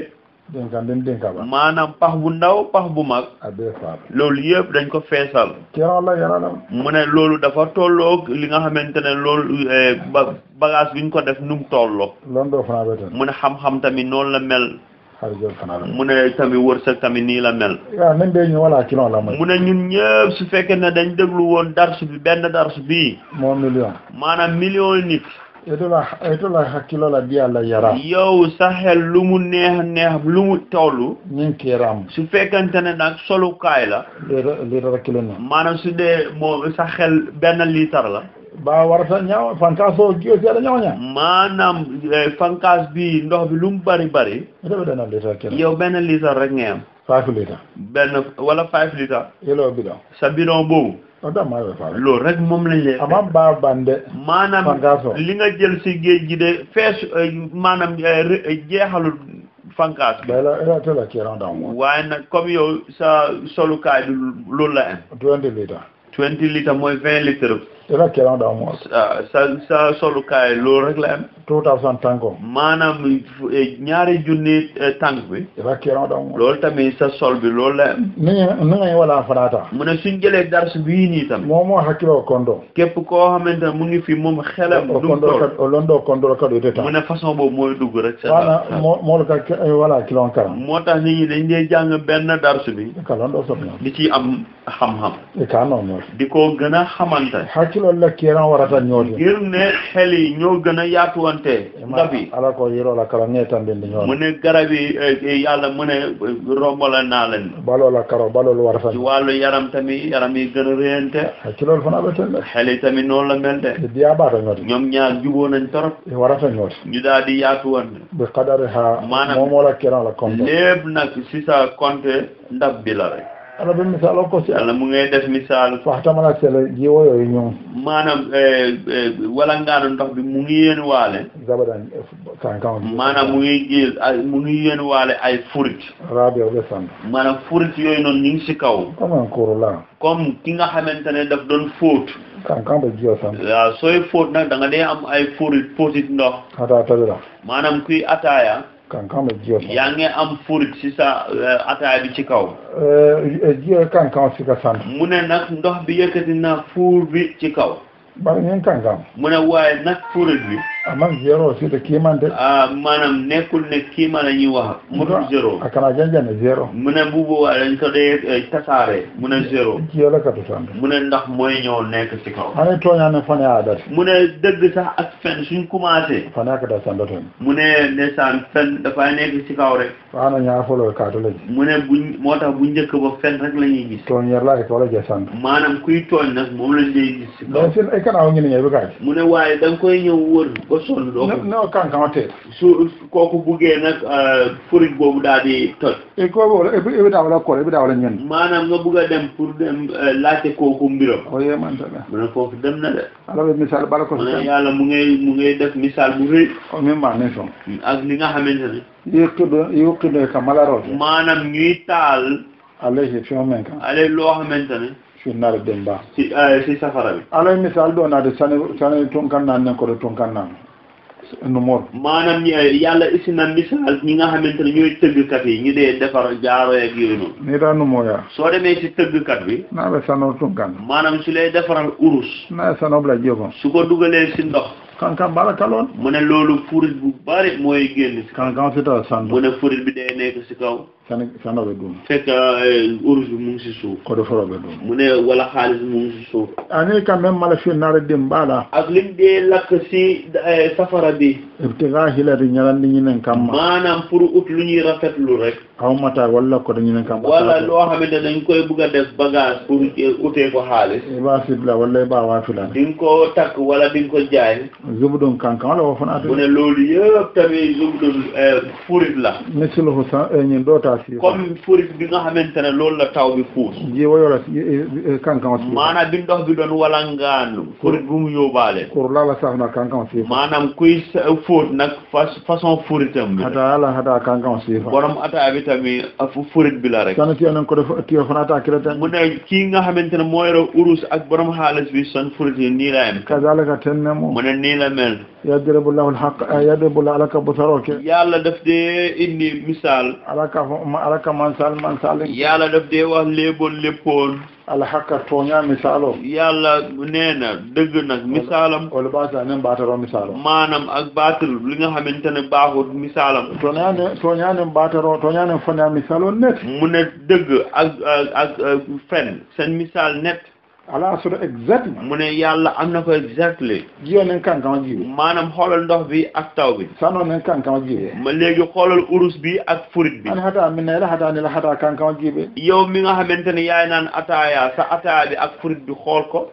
dénkaan den dénka ba. maanaam pax bu ndaw pax bu mag. a loolu yëpp dañ ko feesal. ci mu ne loolu dafa tolloog li nga xamante ne loolu eh, ba bagage bi ñu ko def nu mu tolloo. loolu doo fana bee mu ne xam-xam tamit noonu la mel. mu ne tamit wërsëg tamit nii la mel. waaw même la mooy. mu ne ñun ñëpp su fekkee ne dañ déglu woon darsu bi benn darsu bii. moo million. maanaam million nit. etula etula hakkilo la bi Yàlla yara yow sa xel lu mu neex neex lu mu tollu ñu ngi kiram su fekkante ne nag solukaay la litre litre maanaam si dee moo sa xel benn liitar la baa warata ñaaw fankaas o jiyo si aɗa ñawña maanaam eh, bi ndox bi lu mu bari bari etaɓe ɗana litre kene yow rek ngay am five litre benn wala five litre yeloo bidon sa bidon boobu o oh, dammaa rek moom lañ lee baa bande maanaam li nga jël si géej gi de fees eh, maanaam eh, jeexalut fankaas bi la la te waaye nag comme sa solukaay bi loolu la am twenty litre twenty litre mooy vingt litre te la keroog daaw moo. sa sa sa loolu rek la am. two thousand tanko. maanaam eh, ñaari junni eh, tànk bi. te la keroog daaw moo. loolu tami sa sol bi loolu la am. ni nga ni nga wala farata. mu ne suñ jëlee dars bii nii tamit. moom moo hakkiloo kondo. képp koo xamante ne mu ngi fi moom xelam. du mu toll o londo kondo ka du mu ne façon boobu mooy dugg rek. sa la moo moo ka eh, wala kilon karam. moo tax nit ñi dañ dee jàng benn dars bi. ka londo soppi di ci am. xam-xam. di ko gën a xamante. xaci loolu la kiiran warata ñoote. ngir ne xel yi ñoo gën a yaatuwante. ndab yi ala ko yiroo la kala ne tam dindi ñoo. mu ne garab yi yàlla mu ne rombola naa leen. ba loolu la karo baloo lu warata. ci wàllu yaram tam yaram yi gën a réyante. xaci loolu fana bɛ tënk. xel yi tam noonu la mel de. di yaabaata ñoote. ñoom ñaar jubóo nañ torop. warata ñoote. ñu daal di yaatuwante. bi xadari ha. maanaam moom moo la kiiran la compte. lépp nag si sa compte ndab bi la rek. ala be misaal o si ala mu ngay def misaal fahtamala selo jiwo yooyu ñoom maanaam eh, eh, wala ngaano ndox bi mu ngi yéen waale zabadan eh, sankan maanaam mu ngi jël ah, mu ngi waale ay furit rabio le san maanaam furit yooyu noonu ñu ngi si kaw la comme ki nga xamante ne daf doon fóot kankan ba jiwo san waaw sooy fóot nag da nga am ay furit fóotit ndox ataa tabira maanaam kuy ataaya kankan bɛ ji o yaa ngi am furit sisan eh, ataaya e eh, e e bi ci kaw. ji kankan ci ka sant. mu ne nag ndox bi yëkkati na fuur bi ci kaw. bari ngeen kàngaam. mu ne waaye nag forage bi. ah man zéro si te kiiman de. ah maanaam nekkul ne kiima la ñuy wax. mu dul zéro a kana janjane zéro. mu ne bu boobaa dañ ko dee eh, tasaare. mu ne zéro. jiyee la katu sant. mu ne ndax mooy ñoo nekk si kaw. xale tooñaa ne fan yaa dati. mu ne dëgg sax ak fen suñ commencé. fan yaa kata sant tooñ. mu ne ne san fen dafay nekk si kaw rek. waaw na ñaar folo kaatu lañ. mu ne buñ moo tax bu njëkk ba fen rek la ñuy gis. tooñ yàlla ak wala jee sant. kanaaw ñu mu ne waaye da nga koy ñëw wër ba sonn. doo ko no kankan teel. su kooku buggee nag euh, boobu daal di toj. et eh, kooku wala ébi daaw la kóol ébi daaw maanaam nga bugg a dem pour dem euh, laajte kooku mbiram. ooyee oh, man tamit. mu foofu dem na de. alors misaal bala ko. mu yàlla mu def misaal bu o oh, au même moment ne ak li nga xamante ne. yu tudd yu tudd ka maanaam ñuy taal. allé je suis en loo xamante finnaare demba si eh, ay si safara bi alay misal ɗo naade sane sane tonkannaane koɗo tonkannaano no moor maanaam ñi eh, yàlla isina misal ñi nga xamante ne ñooy tëggkat yi ñu dee defar jaaroo ak e yooyu noonu nii taa numooyaa soo demee si tëggkat bi naa ɓe sanoo tunkan maanaam su lay defaral urus naa sanoo bila jee ko su ko dugalee si ndox kankan bala kaloon mu ne loolu furil bu bari mooy génn si kankan si ta santo mu ne furil bi day nekk si kaw san sanoɓe ɗum fekk urus bi mu ngi si suuf koɗo foroɓe ɗum mu ne wala xaalis mu ngi si suuf ani quand même mala fi firnaare dem bala ak lim de lakk si safara bi ibtiga hilati ñalandi ñinen kam manam pour ut lu ñuy rafet lu rek aw mata wala walla koɗo ñinen kamma walla loo xamante dañ koy bugg def bagage pour utee ko xaalis i baa wala ba wa fi la di ko tak wala di ko jaay zubdun kankan la wo fana mu ne loolu yëpp tamit zubdun eh, furit la misiluhu sa eh, ñin ta si comme furit bi nga xamantene ne loolu la taw bi fuus ji la kankan si eh, mana bi ndox bi wala walangaan furit bu mu yobale pour la la sax na kankan si manam kuy fóot nag façon furitam bi hata la hada kankan si borom ata bi tamit furit bi la rek tan ci nan ko def tiyo fana ata kirata mu ne ki nga xamantene moy ro urus ak borom xaalis bi son furit ni la am kazalaka tenne mu mu ne nii eh, la mel yadribullahu al-haqq a alaka busaroke yàlla daf dee indi misaal alaka alaka mansal mansal yàlla daf dee wax léeboon léppoon a tooña misaalo yàlla nee na dëgg nag misaalam wala baata nen baataro misaalo maanaam ak baatal li nga xamante ne baaxul misaalam tooñaa ne tooñaa nen baataro tooñaa nen a misaalo net mu ne dëgg ak ak fen seen misaal net ala sura exactly mune yàlla amna ko exactly yone kan kan jiwe manam xolal ndox bi ak taw bi sano nen kan jiwe ma legi xolal urus bi ak furit bi an hataa min la hada ni la hada kan kan jiwe yow mi nga xamanteni yaay nan ataya sa ataya bi ak furit bi xol ko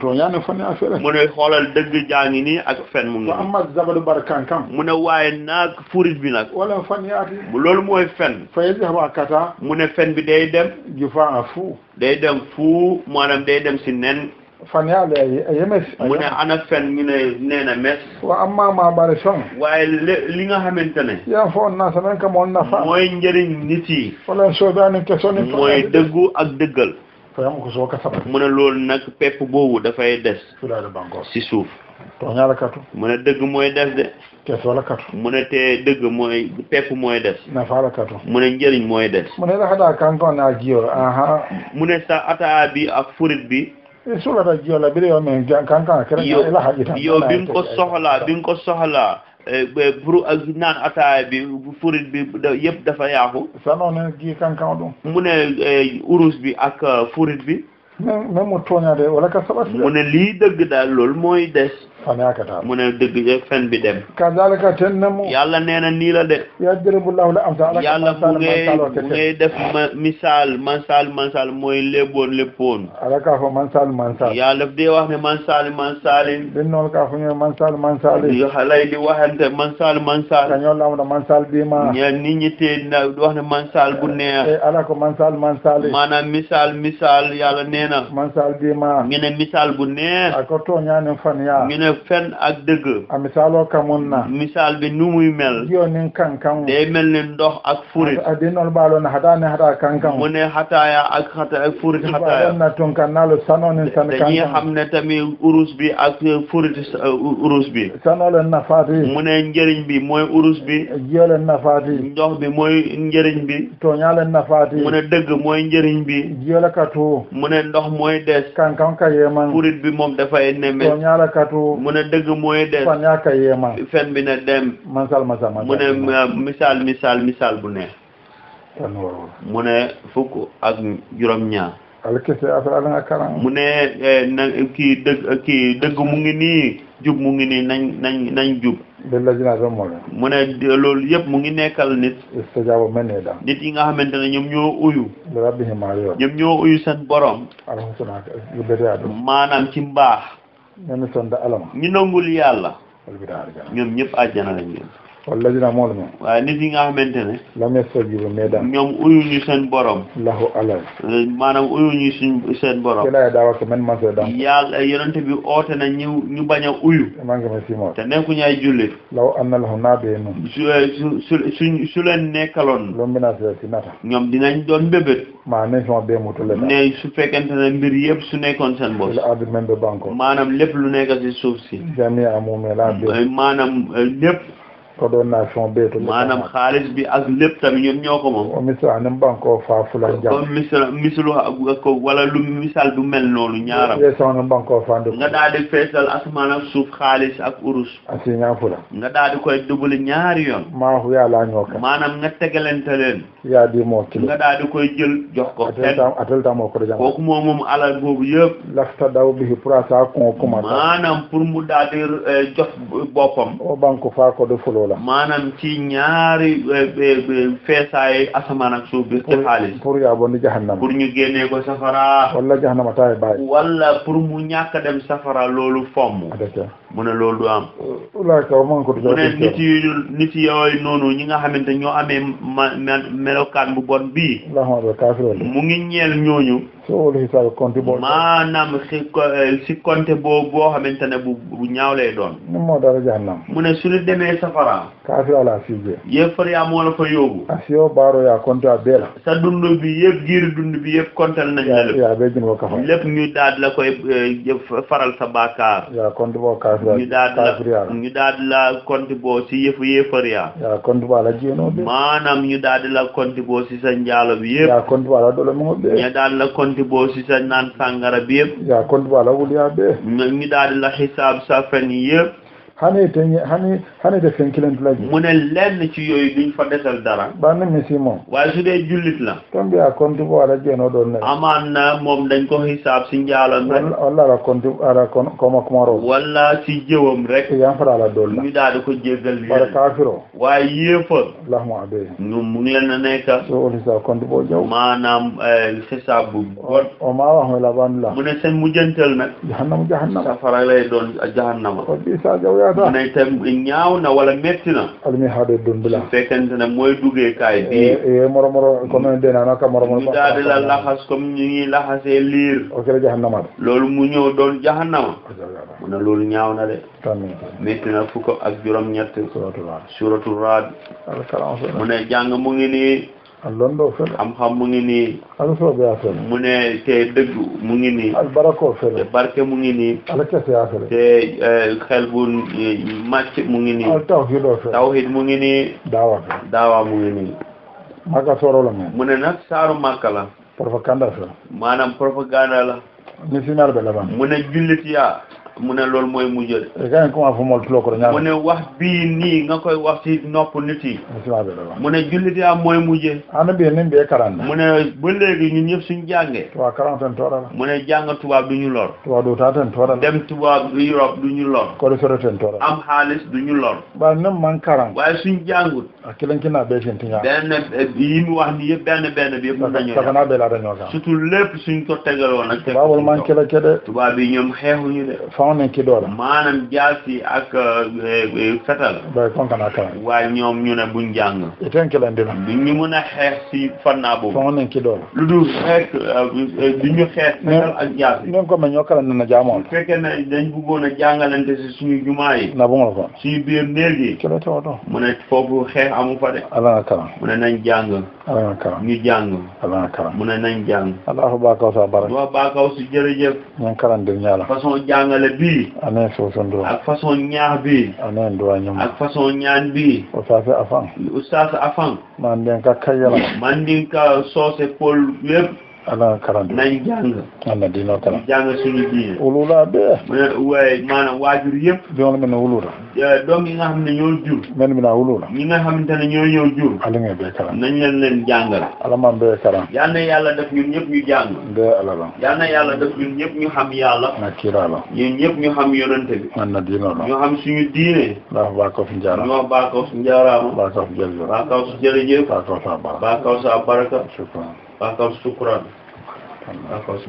to na fane affaire mune xolal deug dëgg ni ak fen mu ngi amma zabalu bar kankam mu ne waaye naag furit bi nak wala fane ati lolou moy fen fa wa kata mune fen bi day dem jufa fu day dem fu maanaam day dem si nen. fan yàlla yéeme. mu ne ana fen ñu ne nee na mes. wa amma maa bari song. waaye li nga xamante ne. yaa fo na sa même que moom na fa. mooy njëriñ nit yi. wala soobee question. mooy dëggu ak dëggal. mu ne loolu nag pepp boobu dafay des. si suuf. tooñaala katu mu ne dëgg mooy des de kesoola katu mu te dëgg mooy pekku mooy des nafaala katu mu njëriñ mooy des mu ne rahaɗa kankoon a jiyol aha mu ne sa bi ak furit bi e, sulata jiyola biri yo min kankan kere ila haƴi tan ko sohla bin ko sohla e, bi furit bi yëpp dafa yaaku sanoone ji kankan o e, urus bi ak furit bi même mu tooñaatee wala ka sabati. mu ne lii dëgg daal lool mooy des. fanakata mu ne dëgg jeeg fen bi dem kazalika ten na mu yàlla nee na nii la de yadribullahu la amsal yàlla mu ngay mu ngay def misaal mansal mansal mooy leboon léppoon ala ka fo mansal mansal yàlla daf dee wax ne mansal mansalin den noon ka fo ñoy mansal mansalin yo xalay di waxante mansal mansal kañoo lamda mansal bi ma ñe nit ñi tee na wax ne mansal bu neex eh, ala ko mansal mansalin maanaam misaal misaal yàlla nee na mansal bi ma ngi ne misaal bu neex ako tooñaani fan yaa ngi ne fen ak dëgg a misaaloo ka mun na misaal bi nu muy mel jiyo nin kankan day mel ni ndox ak furit a dinnol ɓaalo no haɗa ne haɗa kankan mu ne hataya ak hata ak furit hataya na tun kan naalo sanonin tan kankan dañuy xam bi ak furit uh, urus bi sanolen nafaati mu ne bi mooy urus bi jiyolen nafaati ndox bi mooy njëriñ bi tooñaalen nafaati mu dëgg mooy njëriñ bi jiyole ka tu ndox mooy des kankan ka yeman furit bi moom dafay neme tooñaala ka mu ne dëgg mooy des. fen bi na dem. masal masal ma mu ne misaal misaal misaal bu neex. mu ne fukk ak juróom-ñaar. alkese mu ne eh, na kii dëgg ki dëgg mu ngi nii jub mu ngi nii nañ nañ nañ jub. bi la dinaa doon moole. mu ne loolu yëpp mu ngi nekkal nit. istijaaba yi nga xamante ne ñoom ñoo uyu. rabbihim ñoom ñoo uyu seen borom. alhamdulilah. ci mbaax. ñoom ñu nangu yàlla. ñoom ñëpp àjjana lañ leen. walla dina mool ma waaye nit yi nga xamante ne la mes sa jiba mais daal ñoom uyuñu seen borom lahu alal maanaam uyuñu suñ seen borom kelaye daa wax man man sa dam yàlla yonente bi oote na ñu ñu bañ a uyu maa ngi ma simo te nekkuñu ñaay jullit law am na laxu naabee noonu eh, su su su leen nekkaloon loolu minag si nata ñoom dinañ doon bébét maa nañ sama bee mutu len ne su fekkente ne mbir yëpp su nekkoon seen bos la addu men be banko lépp lu nekk si suuf si jamia moome la maanaam eh, lépp condamnation beetu. maanaam xaalis bi ak lépp tamit ñun ñoo ko moom. misaal ni mu bankoo faa fula njàpp. comme misal misalu wala lu misal du mel noonu ñaaram. yeesoo ni mu bankoo faa dugg. nga daal di feesal asmaan ak suuf xaalis ak urus. asi ñaar fula. nga daal di koy dubali ñaari yoon. maa fu yàlla ñoo ko. maanaam nga tegalante yaa di moo kilo nga daal koy jël jox ko ten atel temps moo ko dajama kooku moom moom alal boobu yëpp lasta daw bi pour asa kon commenta maanaam pour mu daal di eh, jox boppam o banque faa ko de fuloo la maanaam ci ñaari eh, feesaay asamaan ak suuf bi ci xaalis pour yaa bon ni jahannama pour ñu génnee ko safara wala jahannama taay bàyyi wala pour mu ñàkk dem safara loolu fomm mu ne loolu du am. walaakaw maa ngi ko doon jaay nit yi nit yooyu noonu ñi nga xamante ñoo amee ma melokaan bu bon bii. mu ngi ñooñu. sowol hisabe compte bo maanaam si eh, si compte boobu boo xamante ne bu bu ñaaw lay doon nu moo dara jahannam mu ne suñu demee safara kaafir ala sije yëppar yaa moo la fa yóbbu asio ah, baaro yaa compte a beela sa dund bi yëpp giiri dund bi yëpp comptel nañ la lépp yaa ko lépp ñu daad la koy eh, sa bakaar yaa compte boo kaafir ñu daad la ñu boo si yëfu yëppar yaa yaa compte boo la jéenoo maanaam ñu daad la compte boo si sa njaalo bi yëpp yaa compte la doole mu ngo bee ñu daad la compte compte boo si sa naan sàngara bi yëpp. yaa compte bu ala wul yaa bee. daal di la xisaab sa fen yëpp. hani teñe hani hani de fenkilentilaji mu ne lenn ci yooyu duñ fa desal dara banni misi moom waaye su dee jullit la ton mbiya konti bo aɗa jeenoo ɗoon ne amaan na moom dañ ko hisaab si njaalon rek walla ala konti ala kon komakumaro walla si jëwam rek yan fata ala dool la ñu daal di ko jéggal wala kaafiro waaye yéefal lahuma abe ñu mu ngi leen na nekka so on hisaab konti boo jaw maanaam hisaab eh, bu gon o maa wax mi la bandu la mu ne seen mujjantal nag jahannama jahannama safara mu ne itam ñaaw na wala metti na almi haade don bila fekkente ne mooy duggee kaay e, bii e moro moro comme denana ka moro moro ñu daal la laxas comme ñu ngi laxasee liir o kele jahannama de loolu mu ñëw doon jahannama mu ne loolu na de metti na fukk ak juróom ñett suratul raad suratul raad mu ne jàng mu alonso fële. xam-xam mu ngi nii. alonso bi yaa mu ne te dëgg mu ngi nii. albarakoo fële. te barke mu ngi nii. ala kese yaa fële. te e, xel bu e, màcc mu ngi nii. al tawhid oo fële. tawhid mu ngi nii. daawa fële. daawa mu ngi nii. maka soro la mu ne nag saaru maka la. propaganda fële. maanaam propaganda la. ni sinar bi la ban. mu ne jullit yaa. mu ne loolu mooy mujjal. kañ kuma fu mu tulo ko ñaar. mu ne wax bii nii nga koy wax ci nopp mu ne jullit yaa mooy mujjee. ana bi ni bee karan. mu ne ba léegi ñun ñëpp suñu jàngee. tubaab karan ten toora la. mu ne jàng ñu lor. tubaab du taa ten toora la. dem tubaab Europe ñu lor. kóol sori ten toora la. ba ne man karan. waaye suñu jàngut. Ah, ki la bee laa dañoo kan. surtout lépp suñ ko tegaloon ak. tubaab man kele kele. tubaab yi ñoom xeexuñu de on ki doola maanaam jaasi ak eh, eh, fetal bay konkana kala waaye ñoom ñu ne bu jàng eten ki lan dina ñu mën a xeex si fannaa boobu on ki doola lu dul xeex eh, du ñu xeex fetal ak jaasi ñoom ko ma ñoo kala na jaamoon fekkee na dañ bëggoon a si suñu jumaa yi na bu ma ko suñu biir néeg yi kilo tewatoo mu ne foofu xeex amu fa de ala karam mu ne nañ jàng ala jàng ala karam mu ne nañ baakaw sa barak wa baakaw si jërëjëf ñan karan dir ñaala façon jàngale bii. anee soosondoo. ak façon ñaax bii. anee nduwañuma. ak façon ñaan bii. ustaase afan. ustaase afan. man den ka kayala. man den ka soose pol yëpp. ala kalan nañ jàng. ala diinoo kalan. jàng suñu diine. wulu laa bee. waaye maanaam waajur yëpp. yoon bi na wulu la. doom yi nga xam ne ñoo jur. mel bi naa wulu la. ñi nga xamante ne ñoo ñoo jur. ala nga bee kalan. nañ leen leen jàngal. ala man bee kalan. yal na yàlla def ñun ñëpp ñu jàng. bee ala la. yal na yàlla def ñun ñëpp ñu xam yàlla. na kiira la. ñun ñëpp ñu xam yonante bi. man na diinoo la. ñu xam suñu diine. ndax baakoof njaaraama. ñoo baakoof njaaraama. baakoof jërëjëf. baakoof jërëjëf. baakoof sa baraka. baakoof sa baraka. baakoof sukuraan Allah God's